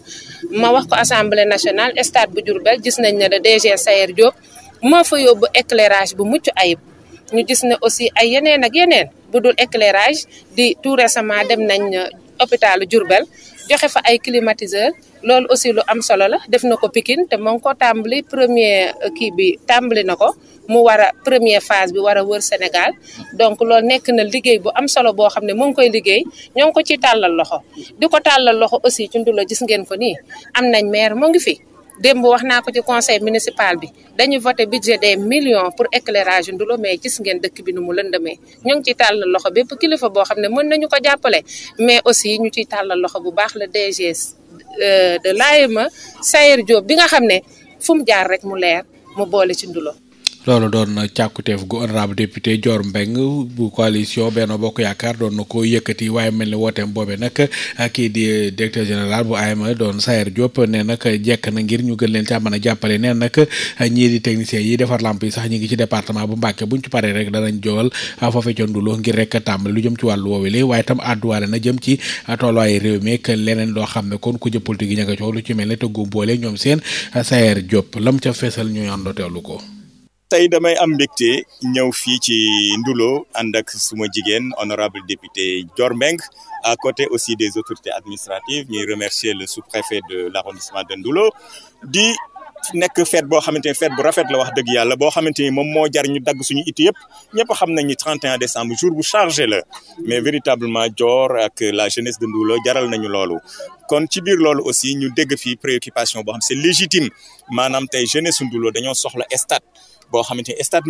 ma wax ko assemblée nationale stade bu Diourbel gis nañ ne le DG Sayer moo fa yóbbu éclairage bu mucc ayib ñu gis ne aussi ay yeneen ak yeneen bu dul éclairage di tout sama dem nañ euh, hôpitalu Diourbel joxe fa ay climatiseur loolu aussi lu am solo la def na ko Pikine te moo ngi ko tàmbali premier euh, kii bi tàmbali na ko mu war a première phase bi war a wër Sénégal donc loolu nekk na liggéey bu am solo boo xam ne mu ngi koy liggéey ñoo ngi ko ci tàllal loxo di ko tàllal loxo aussi ci ndulo gis ngeen ko nii am nañ maire mu ngi fi démb wax naa ko ci conseil municipal bi dañu voté budget des millions pour éclairage ndulo mais gis ngeen dëkk bi nu mu lëndamee ñu ngi ciy tàllal loxo bépp kilifa boo xam ne mën nañu ko jàppale mais aussi ñu ciy tàllal loxo bu baax la DG euh, de l'AME Sayer Diop bi nga xam ne fu mu jaar rek mu leer mu boole ci ndulo loolu doon na càkkuteef gu honorable député Dior Mbengue bu coalition Benno Bokk Yaakaar doon na ko yëkkati waaye mel ni wooteem boobe nag ah, kii di directeur général bu AMA e doon Sayer Diop ne nag jekk na ngir ñu gën leen caa mën a jàppale ne nag ñii di techniciens yi defar lamp yi sax ñu ngi ci département bu Mbàkke buñ ci paree rek danañ jogal ah, foofe conduloo ngir rek tàmbali lu jëm ci wàllu woowe li waaye itam àdduwaale na jëm ci tolluwaayu réew mi ak leneen loo xam ne kon ku jë politique yi nga coow lu ci mel ne tëggum boole ñoom seen ah, Sayer Diop lam ca feesal ñu àndoo ko tey damay am mbégte ñëw fii ci Ndulo ànd ak suma jigéen honorable député jor Mbengue à côté aussi des autorités administratives ñuy remercier le sous-préfet de l'arrondissement de Ndulo di nekk fête boo xamante ni fête bu rafet la wax dëgg yàlla boo xamante ni moom moo jar ñu dagg suñu it yëpp ñëpp xam nañ ni 31 décembre jour bu chargé la mais véritablement joor ak la jeunesse de Ndulo jaral nañu loolu kon ci biir loolu aussi ñu dégg fii préoccupation bo xam c'est légitime maanaam tey jeunesse Ndulo dañoo soxla stade boo xamante ne stade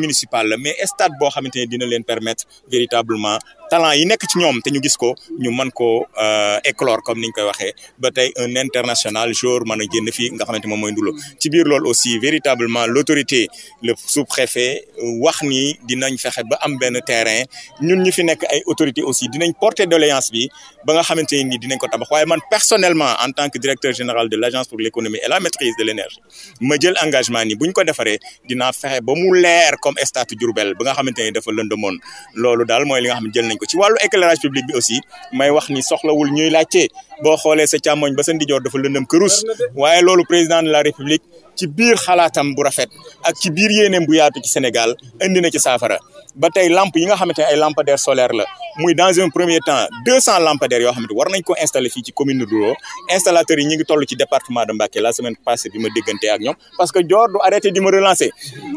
la mais stade bo xamante ne dina leen permettre véritablement talent yi nekk ci ñoom te ñu gis ko ñu mën koo euh, éclore comme ni ñu koy waxee ba tey un international jour mën a génn fii nga xamante moom mooy ndulo ci biir loolu aussi véritablement l'autorité le sous-préfet euh, wax ni dinañ fexe ba am benn terrain ñu fi nekk ay autorité aussi dinañ porter doléance bi ba nga xamante ni dinañ ko tabax waaye man personnellement en tant que directeur général de l'agence pour l'économie et la maîtrise de l'énergie ma jël engagement ni bu ñu ko defaree dinaa ba mu leer comme stade Diourbel ba nga xamante ni dafa lëndëmoon loolu daal nañ ci wàllu éclairage public bi aussi may wax ni soxlawul ñuy laajte bo xoolee sa càmmoñ ba sa ndijoor dafa lëndëm kërus waaye loolu président de la république ci biir xalaatam bu rafet ak ci biir yéeneem bu yaatu ci Sénégal indi na ci saafara ba tey lampe yi nga xamante ne ay lampadaire solaire la muy dans un premier temps deux cent lampadaires yoo xamante war nañ ko installé fii ci commune de Douro installateur yi ñu ngi ci département de Mbacké la semaine passée bi ma déggante ak ñoom parce que Dior du arrêté di ma relancer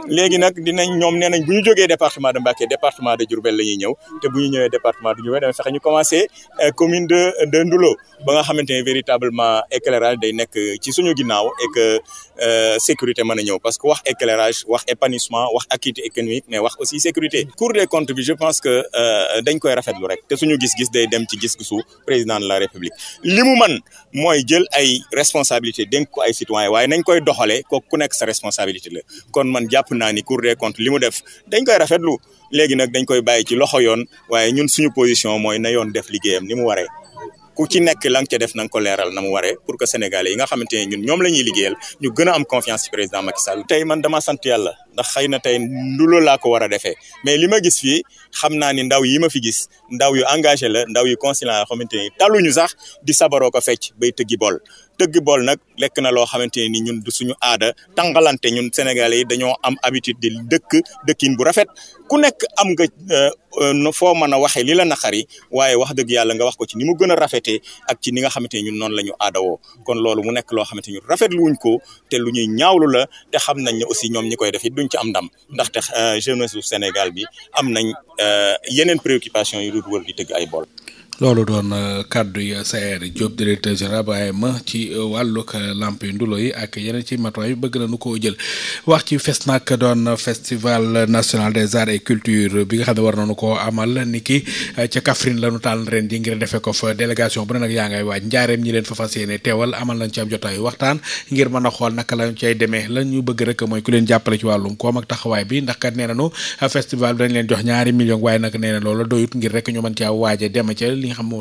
léegi nag dinañ ñoom nee nañ bu ñu jógee département de Mbacké département de Diourbel la ñuy ñëw te bu ñu ñëwee département de Diourbel dama fexe ñu commencé euh, de de Ndoulo ba nga xamante ne véritablement éclairage day nekk ci suñu ginnaaw et que euh, mën a ñëw parce que wax éclairage wax épanouissement wax activité économique mais wax aussi sécurité cour des comptes bi je pense que euh, dañ koy rafetlu rek te suñu gis-gis day dem ci gis-gisu président de la république li mu man mooy jël ay responsabilité dénk ko ay citoyen waaye nañ koy doxalee ko ku nekk sa responsabilité la kon man jàpp naa ni cour de comptes li mu def dañ koy rafetlu léegi nag dañ koy bàyyi ci loxo yoon waaye ñun suñu position mooy na yoon def liggéeyam ni mu waree ku ci nekk la nga def na nga ko leeral na mu waree pour que sénégalais yi nga xamante ne ñun ñoom la ñuy ñu gën am confiance ci président Macky tey man dama sant yàlla ndax xay na tey nduloo laa ko war a defee mais li ma gis fii xam naa ni ndaw yi ma fi gis ndaw yu engagé la ndaw yu conciliant yoo xamante ne taluñu sax di sabaroo ko fecc bay tëggi bool. tëgg bool nag lekk na loo xamante ne ni ñun du suñu aada tàngalante ñun sénégalais yi dañoo am habitude di dëkk dëkkin bu rafet ku nekk am nga euh, foo mën a waxee li la naqari waaye wax dëgg yàlla nga wax ko ci ni mu gën a rafetee ak ci ni nga xamante ne ñun noonu la ñu aadawoo kon loolu mu nekk loo xamante ñu rafetlu ko te lu ñuy ñaawlu la te xam nañ ne aussi ñoom ñi koy def it duñ ci am ndam ndaxte euh, jeunesse Sénégal bi am nañ euh, yeneen préoccupation yu dul wër gi tëgg ay bool loolu doon euh, kàddu yi Saer Diop directeur général bu AEMA e ci euh, wàllug euh, làmp yu ndulo yi ak yeneen ci matuwaay bëgg na nu koo jël wax ci nak doon festival national des arts et culture bi nga xam ne war nañu koo amal ni ki ca la ñu tànn ren ji ngir defee ko fa délégation bu ne nag yaa ngay waaj njaareem ñi leen fa fas yéene teewal amal nañ ci am jotaayu waxtaan ngir mën a xool naka lañ cay demee la ñu bëgg rek mooy ku leen jàppale ci wàllum koom ak taxawaay bi ndax kat nee nañu festival bi dañ leen jox ñaari million waaye nag nee na loola doyut ngir rek ñu mën caa waaje dem ca li nga xam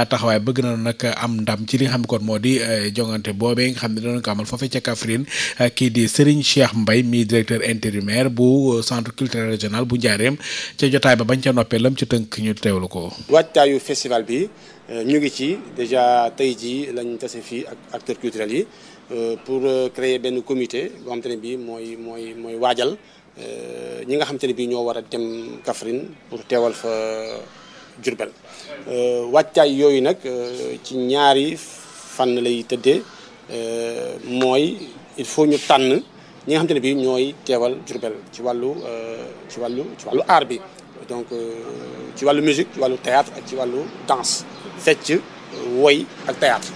ah, taxawaay bëgg na nag am ndam ci li xam kon moo di eh, jongante boobee nga xam ne doon ko amal foofee ca Kaffrine eh, kii di Serigne Cheikh Mbaye mi directeur intérimaire bu centre culturel régional bu Njaareem ca jotaay ba bañ ca noppee lam ci tënk ñu teewlu ko. waajtaayu festival bi eh, ñu ngi ci déjà tey ji lañ tase fi ak acteurs culturels yi pour créer benn comité boo xam te ne bii mooy mooy mooy waajal ñi nga xam te ne bii ñoo war a dem Kaffrine pour teewal fa. Diourbel euh, wàccaay yooyu nag euh, ci ñaari fànn lay tëddee euh, mooy il faut ñu tànn ñi nga xamante ne bii ñooy teewal Diourbel ci wàllu ci wàllu wàllu art bi donc ci wàllu musique ci wàllu théâtre ak ci wàllu danse fecc woy ak théâtre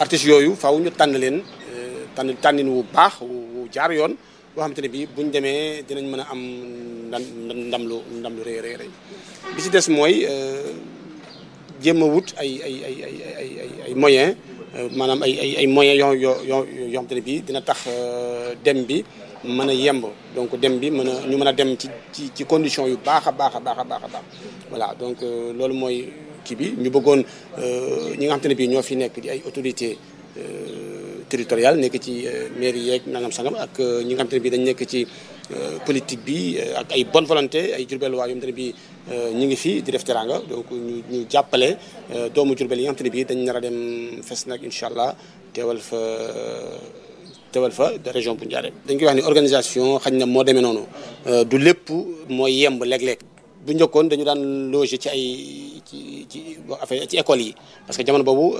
artistes yooyu faw ñu tànn leen tànn tànnin wu baax wu jaar yoon boo xamante ne bi buñ demee dinañ mën a am ndam lu ndam lu rëy rëy rëy bi si des mooy euh, jéem a wut ay ay ay ay ay ay ay moyens euh, maanaam ay ay ay moyens yoo yoo yoo yoo xam bii dina tax euh, dem bi mën a yemb donc dem bi mën a ñu mën a dem ci ci ci conditions yu baax a baax a baax a baax a baax voilà donc loolu mooy kii bi ñu bëggoon ñi nga xam te ne bii ñoo fi nekk di ay autorité territorial nekk ci euh, mairie yeeg nangam sangam ak euh, ñi nga xam te ne bii dañ nekk ci euh, politique bi ak ay bonne volonté ay Jurbel waa yom te ne bii ñu ngi fii di def teranga donc ñu ñu jàppale doomu Jurbel yi nga xam te ne bii dañ nar a dem fes nag incha allah teewal fa teewal fa de région bu Ndiarème dañ koy wax ni organisation xañ na moo demee noonu du lépp mooy yemb léeg-léeg bu njëkkoon dañu daan loger ci ay ci ci affaire yi parce que jamono boobu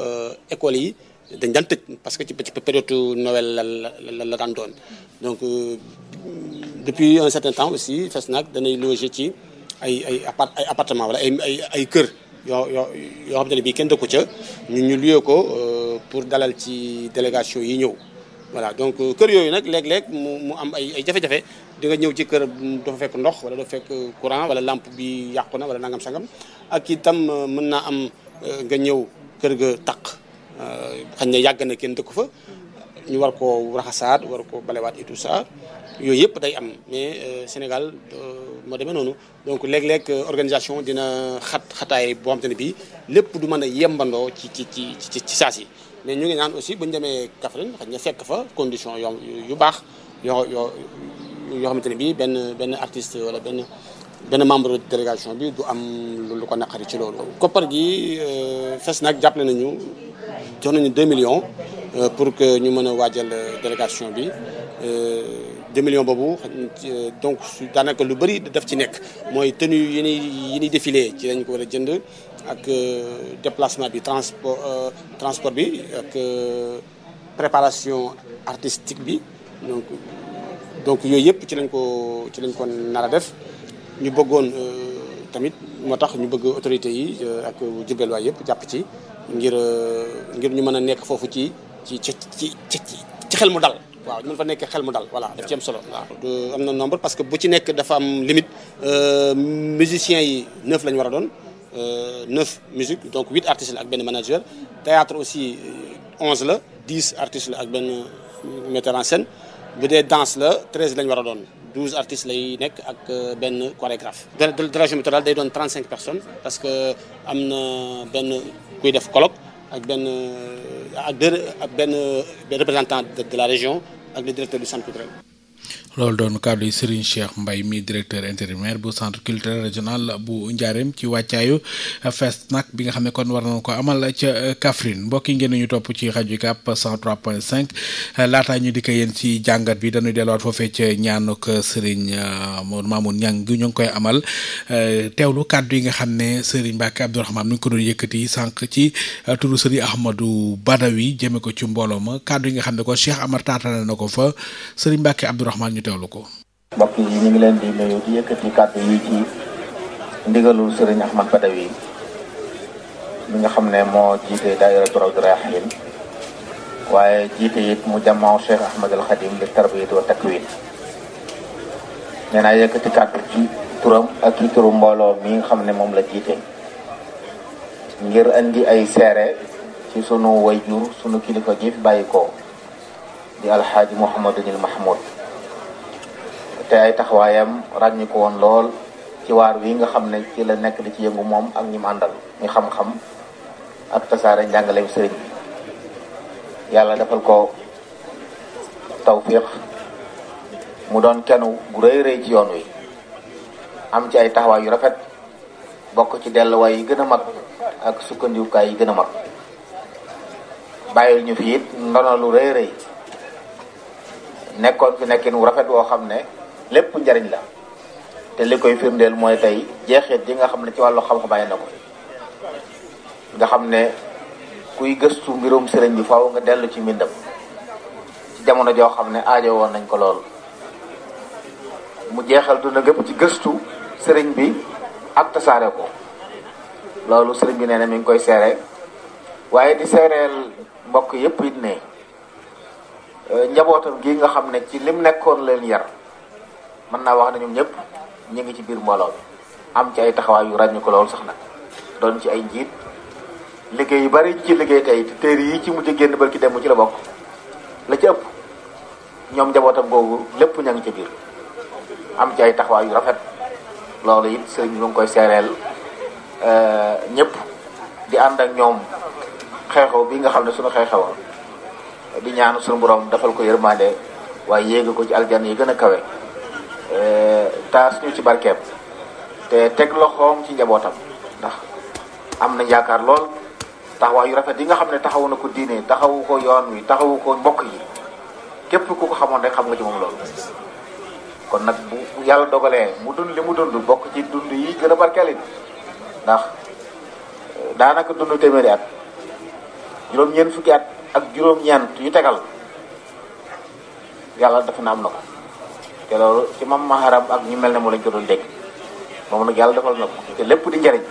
école yi dañ daan tëj parce que ci période Noël la la la daan doon donc euh, depuis un certain temps aussi Fesnac danay loger ci ay ay appart ay appartement wala ay ay ay kër yoo yoo yoo xam te bii kenn dëkku ca ñu ñu ko euh, pour dalal ci délégation yi ñëw voilà donc euh, kër yooyu nag léeg-léeg mu mu am ay ay jafe-jafe di nga ñëw ci kër dafa fekk ndox wala dafa fekk courant wala lampe bi yàqu na wala nangam sangam ak itam mën naa am nga ñëw kër ga taq Euh, xañ na yàgg na kenn dëkku fa ñu war koo raxasaat war koo balewaat et tout ça yooyu yëpp day am mais euh, Sénégal euh, moo demee noonu donc léeg-léeg organisation dina xat xataay boo xam te ne bii lépp du mën a yembandoo ci ci ci ci ci saa si mais ñu ngi naan aussi ba ñu demee Kaffrine xañ na fekk fa condition yoo yu baax yoo yoo yoo xamante ne bii benn benn artiste wala benn benn membre délégation bi du am lu ko naqari ci loolu. koppar gi fes nag jàppale nañu. jox nañu 2 millions euh, pour que ñu mën a waajal euh, délégation bi 2 euh, millions boobu donc daanaka lu bëri daf ci nekk mooy tenue yi nuy yi ñuy défilé ci lañ ko war a jënd ak déplacement bi transport transport bi ak préparation artistique bi donc yooyu yëpp ci lañ ko ci lañ ko nar def ñu bëggoon. tamit moo tax ñu bëgg autorités yi euh, ak Jurbel waay yëpp jàpp ci ngir euh, ngir ñu mën a nekk foofu ci ci ci ci ci xel mu dal waaw ñu mën fa nekk xel mu dal voilà daf ci am solo waaw am na nombre parce que bu ci nekk dafa am limite euh, musiciens yi neuf la ñu war a doon neuf musique donc huit artistes la ak benn manager théâtre aussi onze la dix artistes la ak benn metteur en scène bu dee danse la treize lañu ñu war a doon douze artistes lay nekk ak euh, benn chorégraphe. de de la région day doon trente cinq personnes parce que am na benn kuy def colloque ak benn euh, ak deux ak benn euh, représentant de la région ak le directeur du centre culturel. loolu doon kàddu yi Serigne Cheikh mbay mi directeur intérimaire bu centre culturel régional bu Ndiarème ci wàccaayu nag bi nga xam ne kon war nañu ko amal ca kafrin mbokk yi ngeen ñu topp ci rajo Cap 103.5 laataa ñu di ko yéen ci jàngat bi dañuy delluwaat foofee ca ñaanuk Serigne euh, Mamoun Niang gi ñu ngi koy amal euh, teewlu kàddu yi nga xam ne Serigne Mbacke Abdourahmane mi ngi ko doon yëkkati sànq ci euh, turu Serigne Ahmadou Badawi jëme ko ci mbooloo ma kàddu yi nga xam ne ko Cheikh Amar taatale na ko fa Serigne Mbacke Abdourahmane teewlu ko. mbokk yi ñu ngi leen di nuyu di yëkkati kàddu yi ci ndigalul sëriñ Ahmad Badawi mi nga xam ne moo jiite daayiratu Rawdu Rayaahiin waaye jiite it mu jàmmaaw Cheikh Ahmad al Xadim li tarbiyati wa takwin nee yëkkati kàddu ci turam ak ci turu mbooloo mi nga xam ne moom la jiite ngir indi ay seere ci sunu wayjur sunu kilifa ji fi bàyyi ko di alxaaji Muhammadunil Mahmud te ay taxawaayam ràññiku woon lool ci waar wi nga xam ne ci la nekk di ci yëngu moom ak ñi mu àndal ñu xam-xam ak tasaare njàngaleem sëriñ bi yàlla defal ko tawfiq mu doon kennu gu rëy rëy ci yoon wi am ci ay taxawaay yu rafet bokk ci delluwaay yi gën a mag ak sukkandikukaay yi gën a mag bàyyil ñu fi it rëy rëy nekkoon fi nekkin wu rafet woo xam ne lépp njariñ la te li koy firndeel mooy tey jeexeet yi nga xam ne ci wàllu xam-xam bàyyi na ko nga xam ne kuy gëstu mbirum sëriñ bi faaw nga dellu ci mbindam ci jamono joo xam ne aajo woon nañ ko lool mu jeexal duna gëpp ci gëstu sëriñ bi ak tasaare ko loolu sëriñ bi nee na mi ngi koy seere waaye di seereel mbokk yépp it ne eh, njabootam gi nga xam ne ci lim nekkoon leen yar mën naa wax na ñoom ñëpp ñu ngi ci biir mbooloo am ci ay taxawaay yu ràññu ko lool sax nag doon ci ay njiit liggéey yu bari ci liggéey tey te téere yi ci mujj génn bërki dem ci la bokk la ci ëpp ñoom njabootam googu lépp ña ngi ci biir am ci ay taxawaay yu rafet loolu it sëriñ bi koy seereel euh, ñëpp di ànd ak ñoom xeexoo bi nga xam ne suñu xeexewoon di ñaan suñu borom defal ko yërmande waaye yéegi ko ci aljan yi gën a kawe Euh, taas ñu ci barkeem te teg loxoom ci njabootam ndax am na yaakaar lool taxawaay yu rafet yi nga xam ne taxawu na ko diine taxawu ko yoon wi taxawu ko mbokk yi képp ku ko xamoon rek xam nga ci moom loolu. kon nag bu yàlla dogalee mu dund li mu dund bokk ci dund yi gën a barkeelin ndax euh, daanaka dund téeméeri at juróom-ñeent fukki at ak juróom-ñeent yu tegal yàlla dafa na am na ko. te loolu ci mam ak ñu mel ne moom lañ ko doon dégg moom nag yàlla defal na ko te lépp di njariñ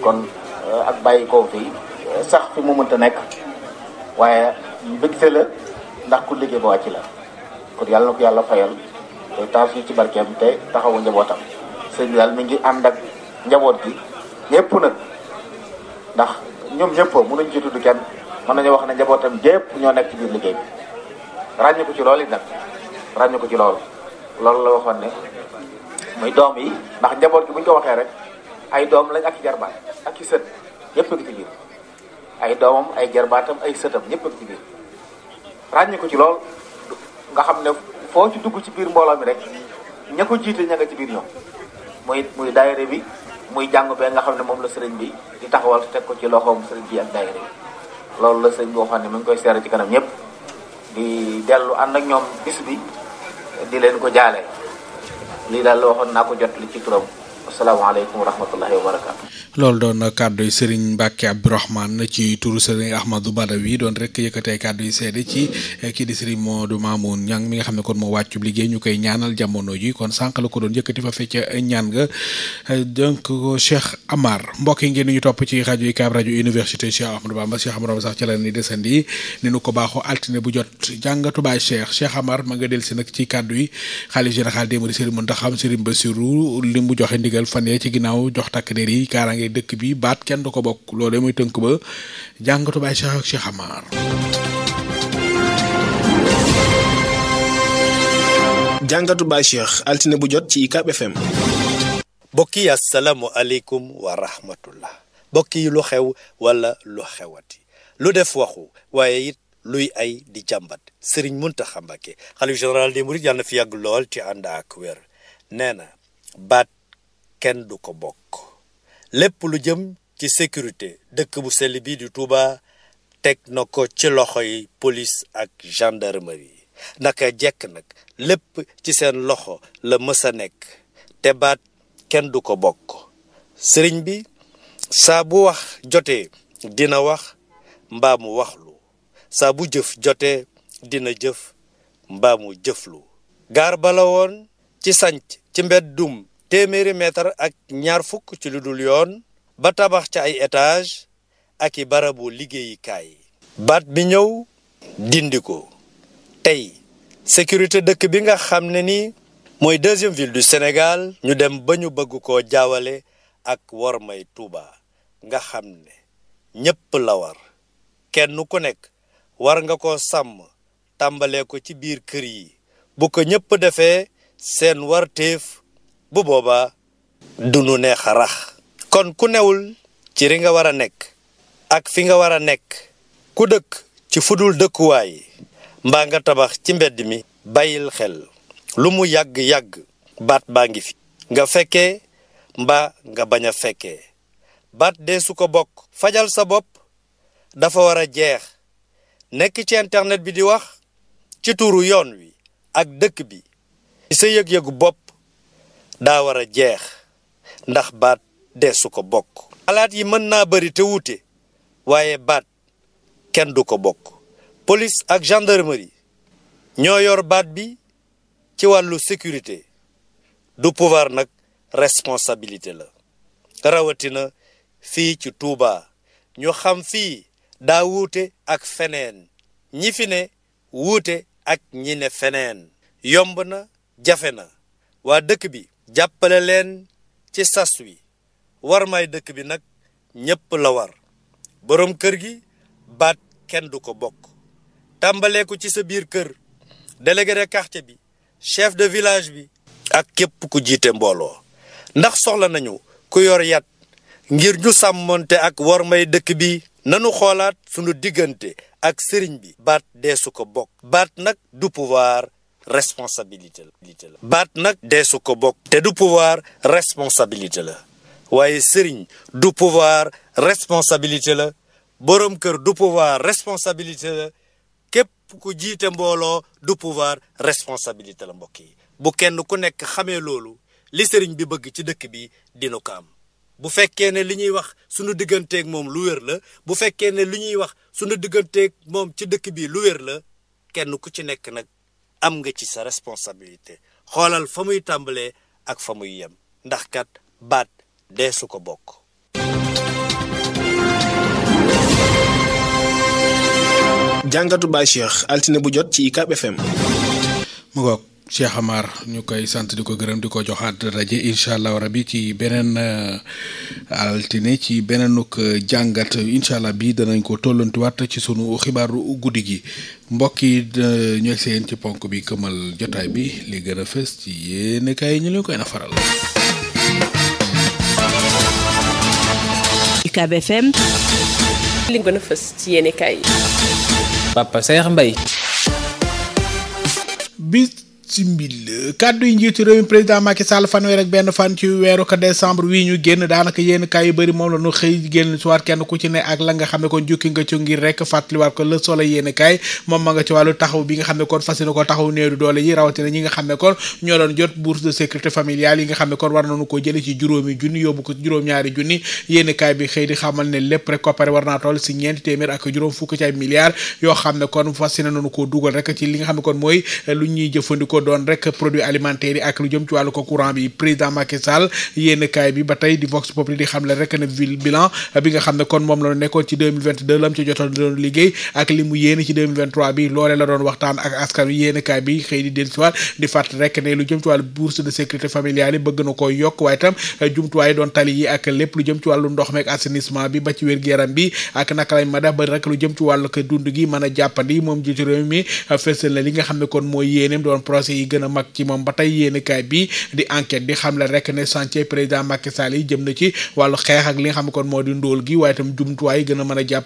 kon euh, ak bàyyi koo fii euh, sax fi mu mënta nekk waaye mbégte la ndax ku liggéey ba wàcc la kon yàlla na ko yàlla fayal te taas ñu ci barkeem te taxawu njabootam sëñ bi daal mi ngi ànd ak njaboot gi ñëpp nag ndax ñoom ñëpp mu ci tudd kenn mën nañu wax ne njabootam gépp ñoo nekk ci biir liggéey bi ci loolu yi nag ràññu ko ci loolu loolu la waxoon ne muy doom yi ndax njaboot gi bu ñu ko waxee rek ay doom lañ ak i jarbaat ak i sët ñëpp a ngi ci biir ay doomam ay jarbaatam ay sëtam ñëpp a ngi ko ci lool nga xam ne foo ci dugg ci biir mbooloo mi rek ña ko jiite ña ci biir ñoom muy muy daayira bi muy jàngu bee nga xam ne moom la sëriñ bi di taxawal teg ko ci loxoom sëriñ bi ak daayira bi loolu la sëriñ bi waxoon ne mu ngi koy seer ci kanam ñëpp di dellu ànd ak ñoom bis bi di leen ko jaale lii daal waxoon naa ko jot li ci turam asalaamaaleykum wa rahmatullahi wa barakaatu. loolu doon kàddu yi Serigne Mbacke Abdourahmane ci turu Serigne Ahmadou Badawi doon rek yëkkatee kàddu yi seede ci kii di Serigne Modou Mamoun Niang mi nga xam ne kon moo wàccu liggéey ñu koy ñaanal jamono ji kon sànq la ko doon yëkkati fa fecc ñaan nga donc Cheikh Amar mbokk yi ngeen ñu topp ci rajo yi Kaab rajo université Cheikh Ahmadou Bamba Cheikh Ahmadou sax ci la ni desandi ni nu ko baaxoo altine bu jot jàngatu baay Cheikh Cheikh ma nga dellusi nag ci kàddu yi xaalis général des mourides Serigne Mountakha Serigne Bassirou li mu joxe ndigal ndigal fan ginnaaw jox takk der yi kaaraange dëkk bi baat kenn du ko bokk loolu muy tënk ba jàngatu baay Cheikh bu jot ci UCAB FM mbokk yi asalaamu aleykum wa rahmatullah mbokk yi lu xew wala lu xewati lu def waxu waaye it luy ay di jàmbat Serigne Mountakha Mbacké xalif général des mourides yàlla na fi yàgg lool ci ànd ak wér nee baat kenn du ko bokk lépp lu jëm ci sécurité dëkk bu sell bi di Touba teg na ko ci loxo yi polis ak gendarmerie naka jekk nag lépp ci seen loxo la mësa nekk te baat kenn du ko bokk sëriñ bi saa bu wax jotee dina wax mbaa mu waxlu saa bu jëf jotee dina jëf mbaamu jëflu gaar bala woon ci sanc ci mbeddum téeméeri mètre ak ñaar fukk ci lu dul yoon ba tabax ca ay étage aki barabu liggéeyukaay baat bi ñëw dindi ko tey sécurité dëkk bi nga xam ne ni mooy deuxième ville du Sénégal ñu dem ba ñu bëgg koo jaawale ak war may Touba nga xam ne ñépp la war kenn ku nekk war nga ko sàmm tàmbalee ko ci biir kër yi bu ko ñépp defee seen warteef bu boobaa du nu neex a rax kon ku newul ci li nga war a nekk ak fi nga war a nekk ku dëkk ci fudul dëkkuwaay mbaa nga tabax ci mbedd mi bàyyil xel lu mu yàgg-yàgg baat baa ngi fi nga fekkee mbaa nga bañ a fekkee baat dee su ko bokk fajal sa bopp dafa war a jeex nekk ci internet bi di wax ci tuuru yoon wi ak dëkk bi sa yëg-yëgu bopp daa war a jeex ndax baat deesu ko bokk xalaat yi mën naa bëri te wuute waaye baat kenn du ko bokk police ak gendarmerie ñoo yor baat bi ci wàllu sécurité du pouvoir nag responsabilité la rawatina fii ci Touba ñu xam fii daa wuute ak feneen ñi fi ne wuute ak ñi ne feneen yomb na jafe na waa dëkk bi jàppale leen ci sas wi war may dëkk bi nag ñépp la war boroom kër gi baat kenn du ko bokk tàmbaleeku ci sa biir kër délégué de quartier bi chef de village bi ak képp ku jiite mbooloo ndax soxla nañu ku yor yat ngir ñu sàmmonte ak war may dëkk bi nanu xoolaat sunu diggante ak sëriñ bi baat deesu ko bokk baat nag du pouvoir responsabilité la baat nag deesu ko bokk te du pouvoir responsabilité la waaye sëriñ du pouvoir responsabilité la borom kër du pouvoir responsabilité la képp ku jiite mbooloo du pouvoir responsabilité la mbokk yi bu kenn ku nekk xamee loolu li sëriñ bi bëgg ci dëkk bi dina ko am bu fekkee ne li ñuy wax sunu digganteeg moom lu wér la bu fekkee ne li ñuy wax sunu digganteeg moom ci dëkk bi lu wér la kenn ku ci nekk nag am nga ci sa responsabilité xoolal fa muy tàmbalee ak fa muy yem ndax kat baat dee su ko bokk jàngatu Baye Cheikh altine bu jot ci UCAB FM mu ngoog Cheikh Amar ñu sant di ko gërëm di ko rajo euh, euh, incha allah rabi ci beneen ci beneenuk jàngat incha bii danañ ko tollantiwaat ci sunu xibaaru guddi gi mbokk yi euh, ñu egsi ci ponk bi këmal jotaay bi li kaay yi ñu leen koy nafaral. UCAB FM. li gën fës ci yéen kaay yi. Papa Saer Mbaye. bis. simbil kàddu yi njiitu réew mi président Macky Sall fanweer ak benn fan ci weeru ko décembre wii ñu génn daanaka yenn kaay yu bëri moom la ñu xëy génn si waat kenn ku ci ne ak la nga xam ne kon ko Le Soleil yéen kaay moom ma nga ci wàllu taxaw bi nga xam ne kon fas ko taxaw néeru doole yi nga xam ne kon ñoo doon jot bourse de sécurité war nañu ko jële ci juróomi junni yóbbu ko juróom-ñaari junni yéen kaay bi xëy di xamal ne lépp rek koppare war naa toll si ñeenti téeméer ak juróom fukk ci ay milliards yoo xam kon fas yéene ko dugal rek ci li nga xam kon mooy lu ñuy jëfandikoo ko doon rek produit alimentaire yi ak lu jëm ci wàllu ko courant bi président Macky Sall yéen kaay bi ba tey di Vox Populi di xam la rek na ko bi a jàppandi moom jiitu nga xam ne kon mooy yéeneem doon projet procès yi gën a mag ci moom ba tey yéenekaay bi di enquête di xam la rek ne chantier président Macky Sall jëm na ci wàllu xeex ak nga xam kon moo di ndóol gi waaye itam jumtuwaay gën a mën a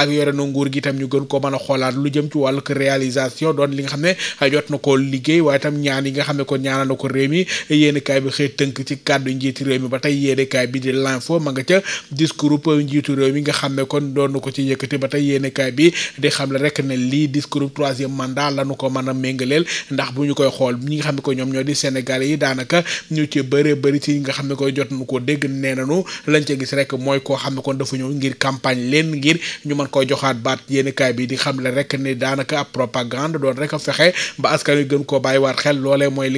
ak yore na nguur gi itam ñu gën ko mën a xoolaat lu jëm ci wàllu réalisation doon li xam ne jot na ko liggéey waaye itam ñaan yi nga xam ne ko ñaanal ko réew mi yéenekaay bi xëy tënk ci kàddu njiitu réew mi ba tey yéenekaay bi di l'info ma nga ca discours njiitu réew mi nga xam ne kon doon na ko ci yëkkati ba tey yéenekaay bi di xam la rek ne lii discours troisième mandat lanu ko mën a méngaleel ndax bu ñu ñu koy xool ñi nga xam ne ko ñoom ñoo di sénégalais yi daanaka ñu ci bëree ci nga xam ne ko kon ba askan wi gën koo bàyyiwaat xel loolee mooy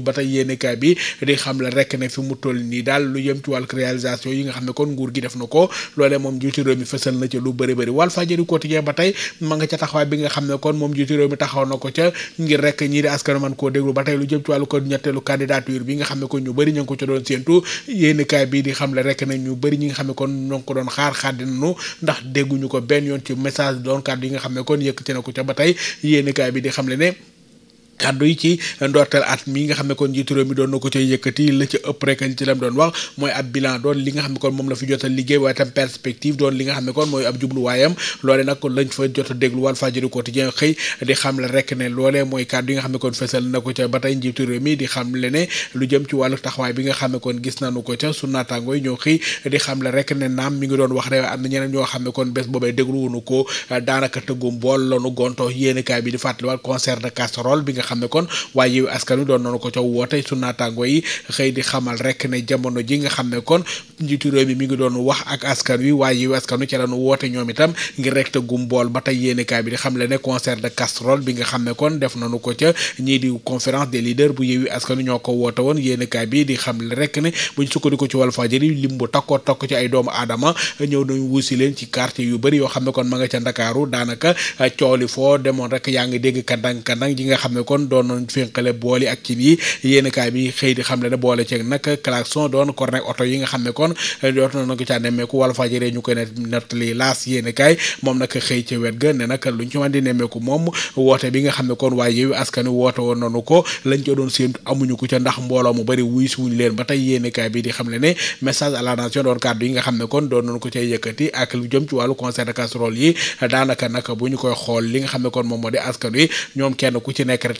ba tey yéen kaay yi nga xam ne ko loolee moom jiitu na ca lu bëri ba tey ma nga ca réew mi taxaw na ko ca ngir rek te ñii di askan man koo déglu ba tey lu jëm ci wàllu ko ñetteelu candidature bi nga xam ne kon ñu bëri ñu ngi ko ci doon séentu yéen kaay bii di xam le rek na ñu bëri ñi nga xam ne kon ñoo ko doon xaar xaddi nañu ndax dégguñu ko benn yoon ci message doon kàddu yi nga xam ne kon yëkkati na ko ca ba tey yéen bi di xam le ne kàddu yi ci ndorteel at mi nga xam kon njiitu mi doon na ko cay yëkkati la ca ëpp rek ci lam doon wax mooy ab bilan doon li nga xam kon moom la fi jot a liggéey waaye tam perspective doon li nga xam ne kon mooy ab jubluwaayam loole nag lañ fa jot a déglu Walf Fadjri quotidien xëy di xam le ne nga xam ne kon fesal na ko lu jëm ci wàllu taxawaay bi nga xam kon gis nañu ko ca su naataango yi ñoo xëy di xam le rek ne naam mi ngi doon wax rew am na ñoo xam ne kon bés boobee déglu wunu ko daanaka tëggum bool lanu gonto yéenekaay bi di fàttaliwaat concert xam ne kon waaye Yewwi doon nañu ko ca woote su naataango yi xëy di xamal rek ne jamono ji nga xam ne kon njiitu réew mi mi ngi doon wax ak askan wi waaye Yewwi Askan Wi ca lañu woote ñoom itam ngir rek te gumbool ba tey yéenekaay bi di xam le ne concert de casserole bi nga xam ne kon def nañu ko ca ñii di conférence des leaders bu Yewwi Askan Wi ñoo ko woote woon yéenekaay bi di xam le rek ne buñ sukkandiku ci Walfadjri lim bu takkoo takk ci ay doomu aadama ñëw nañu wuusi leen ci quartier yu bëri yoo xam ne kon ma nga ca Ndakaaru daanaka cooli foo demoon rek yaa ngi dégg kandang kandang ji nga xam kon kon doon nañ fénqale bool ak cin yi yéen bi xëy di xam ne boole ceeg nag klaxon doon cornet oto yi nga xam kon ko caa ko lañ ca doon séentu amuñu ko ca ndax ba tey yéen kaay bi di xam le ne ak lu ci wàllu concert de yi daanaka nag bu ñu koy xool li nga xam kon moom moo di askan wi ñoom kenn ku ci nekk rek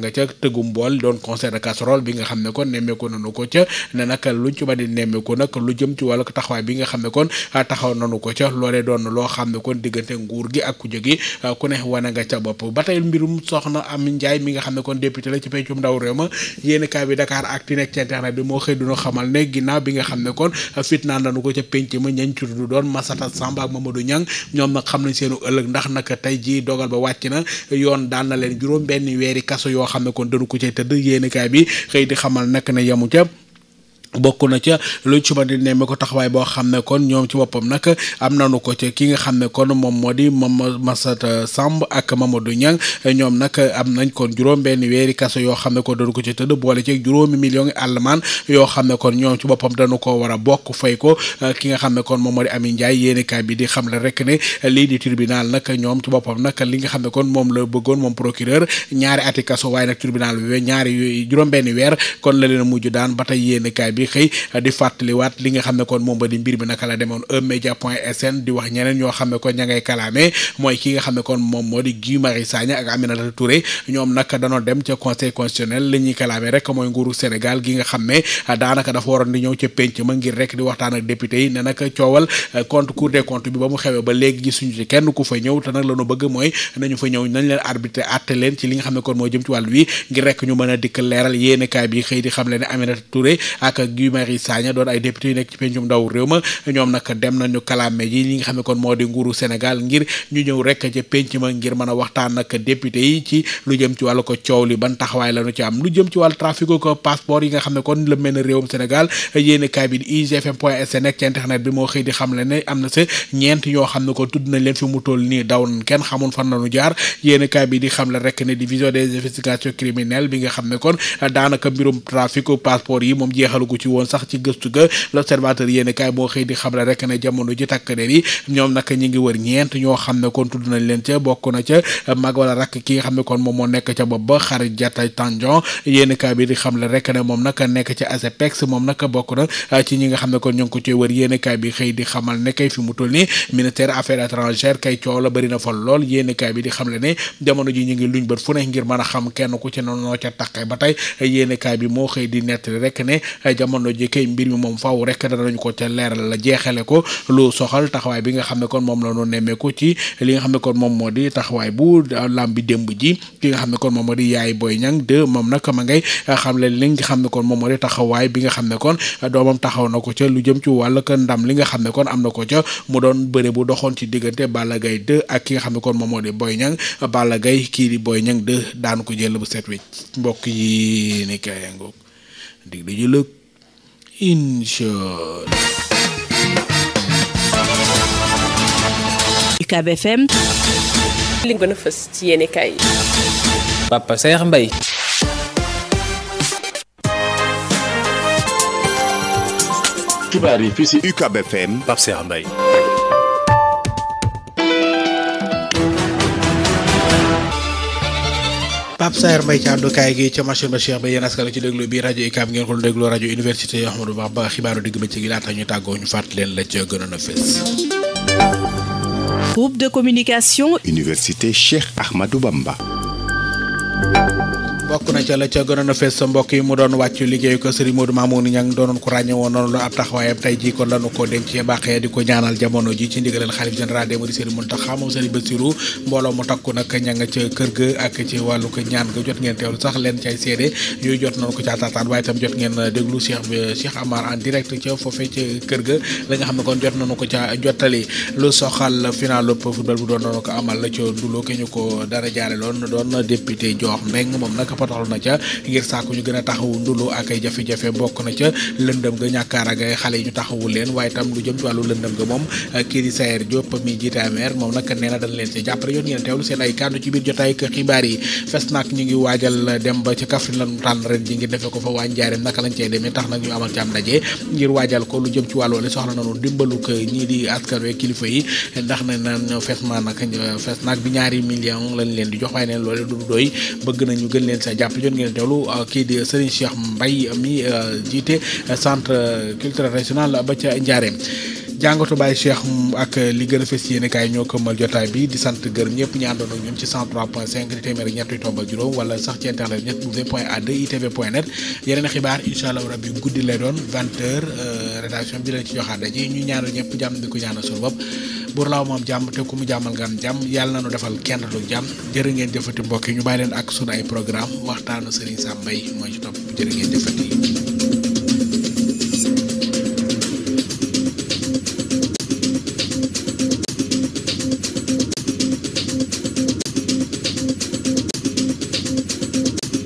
nga ca tëggum bool doon concert de casserole bi nga xam ne kon ko ca ne nag luñ ci ba di nemmeeku nag lu jëm ci wàllu taxawaay bi nga xam ne kon ah, taxaw nanu ko ca loolee doon loo xam ne kon diggante nguur gi ak ku jógi ah, ku ne wane nga ca bopp ba tey mbirum soxna Amy Ndiaye mi nga xam ne kon député la ci pencum ndaw réew ma yéen kaay bi Dakar Actu nekk ci internet bi moo xëy dunu xamal ne ginnaaw bi nga xam ne kon ah, fitnaa nanu ko ca penc ma ñañ ci du doon Massata Samba ak Mamadou Niang ñoom nag xam nañ seenu ëllëg ndax nag tey ji dogal ba wàcc na yoon daan na leen juróom benn weeri kaso yoo xam ne kon danu ko cay tëdd yéenekaay bi xëy di xamal nag ne yamu ca bokk na ca lu ci ma ko taxawaay boo xam ne kon ñoom ci boppam nag am nanu ko ca ki nga xam ne kon moom moo di moom Massata Samb ak Mamadou Niang ñoom nag am nañ kon juróom benn weeri kaso yoo xam ne kon dañu ko ci tëdd boole ci juróomi million yi yoo xam ne kon ñoom ci boppam dañu ko war a bokk fay ko ki nga xam ne kon moom moo di Ami Ndiaye yéenekaay bi di xam la rek ne lii di tribunal nag ñoom ci boppam nag li nga xam ne kon moom la bëggoon moom procureur ñaari ati kaso waaye nag tribunal bi ñaari juróom benn weer kon la leen mujj daan ba tey bi bi xëy di fàttaliwaat li nga xam ne kon moom ba di mbir bi naka la demoon emedia point sn di wax ñeneen ñoo xam kon ña ngay kalaame mooy ki nga xam kon moo di Guy yi ne nag coowal compte cour des comptes bi ba mu xewee ba léegi gisuñu ci kenn ku fa ñëw te nag la bëgg mooy nañu fa ñëw nañ leen arbitré àtte leen ci li nga xam kon moo jëm ci wàllu wi ngir rek ñu mën a dikk leeral yéene kaay bi xëy di xam le ne Aminata Touré ak Guy Marius Sagna doon ay député yu nekk ci pencum ndaw réew ma ñoom nag dem nañu kalaame ji ñu ñëw rek ca penc ma ngir mën a waxtaan ak député yi ci lu jëm ci wàllu ko coow li ban taxawaay la ñu ci am lu jëm ci wàllu trafic ko passeport yi nga xam ne kon la mel ne réewum Sénégal yéen kaay bi di igfm point sn nekk ci internet bi moo xëy di bi di xam le rek daanaka mbirum trafic passeport yi moom jeexalugu ci woon sax ci gëstu ga l'observateur yéeni xam ne kon tudd nañ leen ca bokk na ca mag ki nga xam ne kon moom moo nekk ca bopp ba xarit jata tanjon yéeni kaay bi di xamle rek ne moom nag nekk ca ASEPEX moom nag bokk na ci ñi nga xam ne kon ño ngi ko ci wër yéeni kaay bi xëy di xamal ne kay mu toll ni ministère affaires étrangères kay coow la bëri na fa lool yéeni bi di xamle ne jamono ji ñu ngi luñ bët fu ne ngir mën a xam kenn ku ci noonu noo ca taqee ba tey yéeni kaay bi moo xëy di nettali rek ne jamono ji moom faaw ko ca leeral la jeexale ko soxal taxawaay bi nga xam ne kon moom la ñu nemmeeku li nga xam ne kon moom moo di taxawaay bu làmb bi démb ji ki nga xam ne kon moom moo di yaay Boy Niang moom nag ma ngay xam leen li nga xam ne kon moom moo di taxawaay bi nga xam ne kon doomam taxaw na ko ca lu jëm ci wàll ndam li nga xam ne kon am na ko ca mu doon bëre bu doxoon ci diggante Balla Gaye 2 ak ki nga xam ne kon moom moo di Boy Niang Balla Gaye kii di Boy Niang 2 daan ko jël bu set wecc mbokk yi ni kayangoog dig du jëlëg inshaallah UCAB FM li gën a fës ci yéene kaay Papa Saer Mbaye xibaar yi fii ci UCAB FM Papa Saer Mbaye Pape Saer Mbaye Thiam du kaay gi ca machine ba Cheikh Baye yéen askan ci déglu bi rajo UCAB ngeen ko déglu rajo université Ahmadou Bamba xibaaru digg bëccëg yi laata ñu tàggoo ñu fàttali leen la ca gënoon a fës. groupe de communication. université Cheikh Ahmadou Bamba. bokk na ca la ca gënoon a fees sa mbokk yi mu doon wàcc liggéeyu ko Serigne Modou Mamoun Niang doonoon ko ràññe woon noonu la ko denc ci baaxee di ko ca ga ak ci wàllu ko ñaan ga jot ngeen teewlu sax leen ci ay seede yooyu ko ca taataan la nga xam ne kon jot nañu jottali lu soxal finalu football bu doon noonu ko amal la ca dulo ke ñu ko dara jaare loon doon député Diokh Mbengue moom nag potoxlu na ca ngir sàkku ñu gën a taxawu ndulu ak ay jafe-jafe bokk na ca lëndëm ga ñàkkaara ga xale yi ñu taxawu leen waaye tam lu jëm ci wàllu lëndëm ga moom kii di Sayer Diop mi jiite AMER moom nag nee na dañ leen ci jàppale yoon ngeen teewlu seen ay kàddu ci biir jotaay ak xibaar yi fes ñu ngi waajal dem ba ca Kaffrine lañu tànn ren ji ngir defe ko fa waañ jaareem naka lañ cey demee tax nag ñu amal ci am daje ngir waajal ko lu jëm ci wàllu li soxla nanu dimbalu ko ñii di askan wi kilifa yi ndax na naan fes ma nag fes bi ñaari million lañ leen di jox waaye neen loolu jàpp jot ngeen teewlu uh, kii di Serigne Cheikh mbay mi uh, jiite uh, centre culturel régional ba ca Njaareem jàngatu Baye Cheikh ak li gën a fës yéen kaay ñoo këmmal jotaay bi di sant gërëm ñëpp ñu àndoon ak ñoom ci 103.5 di téeméer ñett yu tombal juróom wala sax ci internet ñett bu point a 2 itv net yeneen xibaar incha allah rabbi guddi lay doon 20 heures euh, rédaction bi leen ci joxaat daje ñu ñaanal ñëpp jàmm di ko ñaanal suñu bopp buur laaw moom jàmm te ku mu jàmmal nga jàmm yàlla na nu defal kenn lu jàmm jërë ngeen jëfati mbokk yi ñu bàyyi leen ak sunu ay programme waxtaanu Serigne Sam Mbaye mooy ci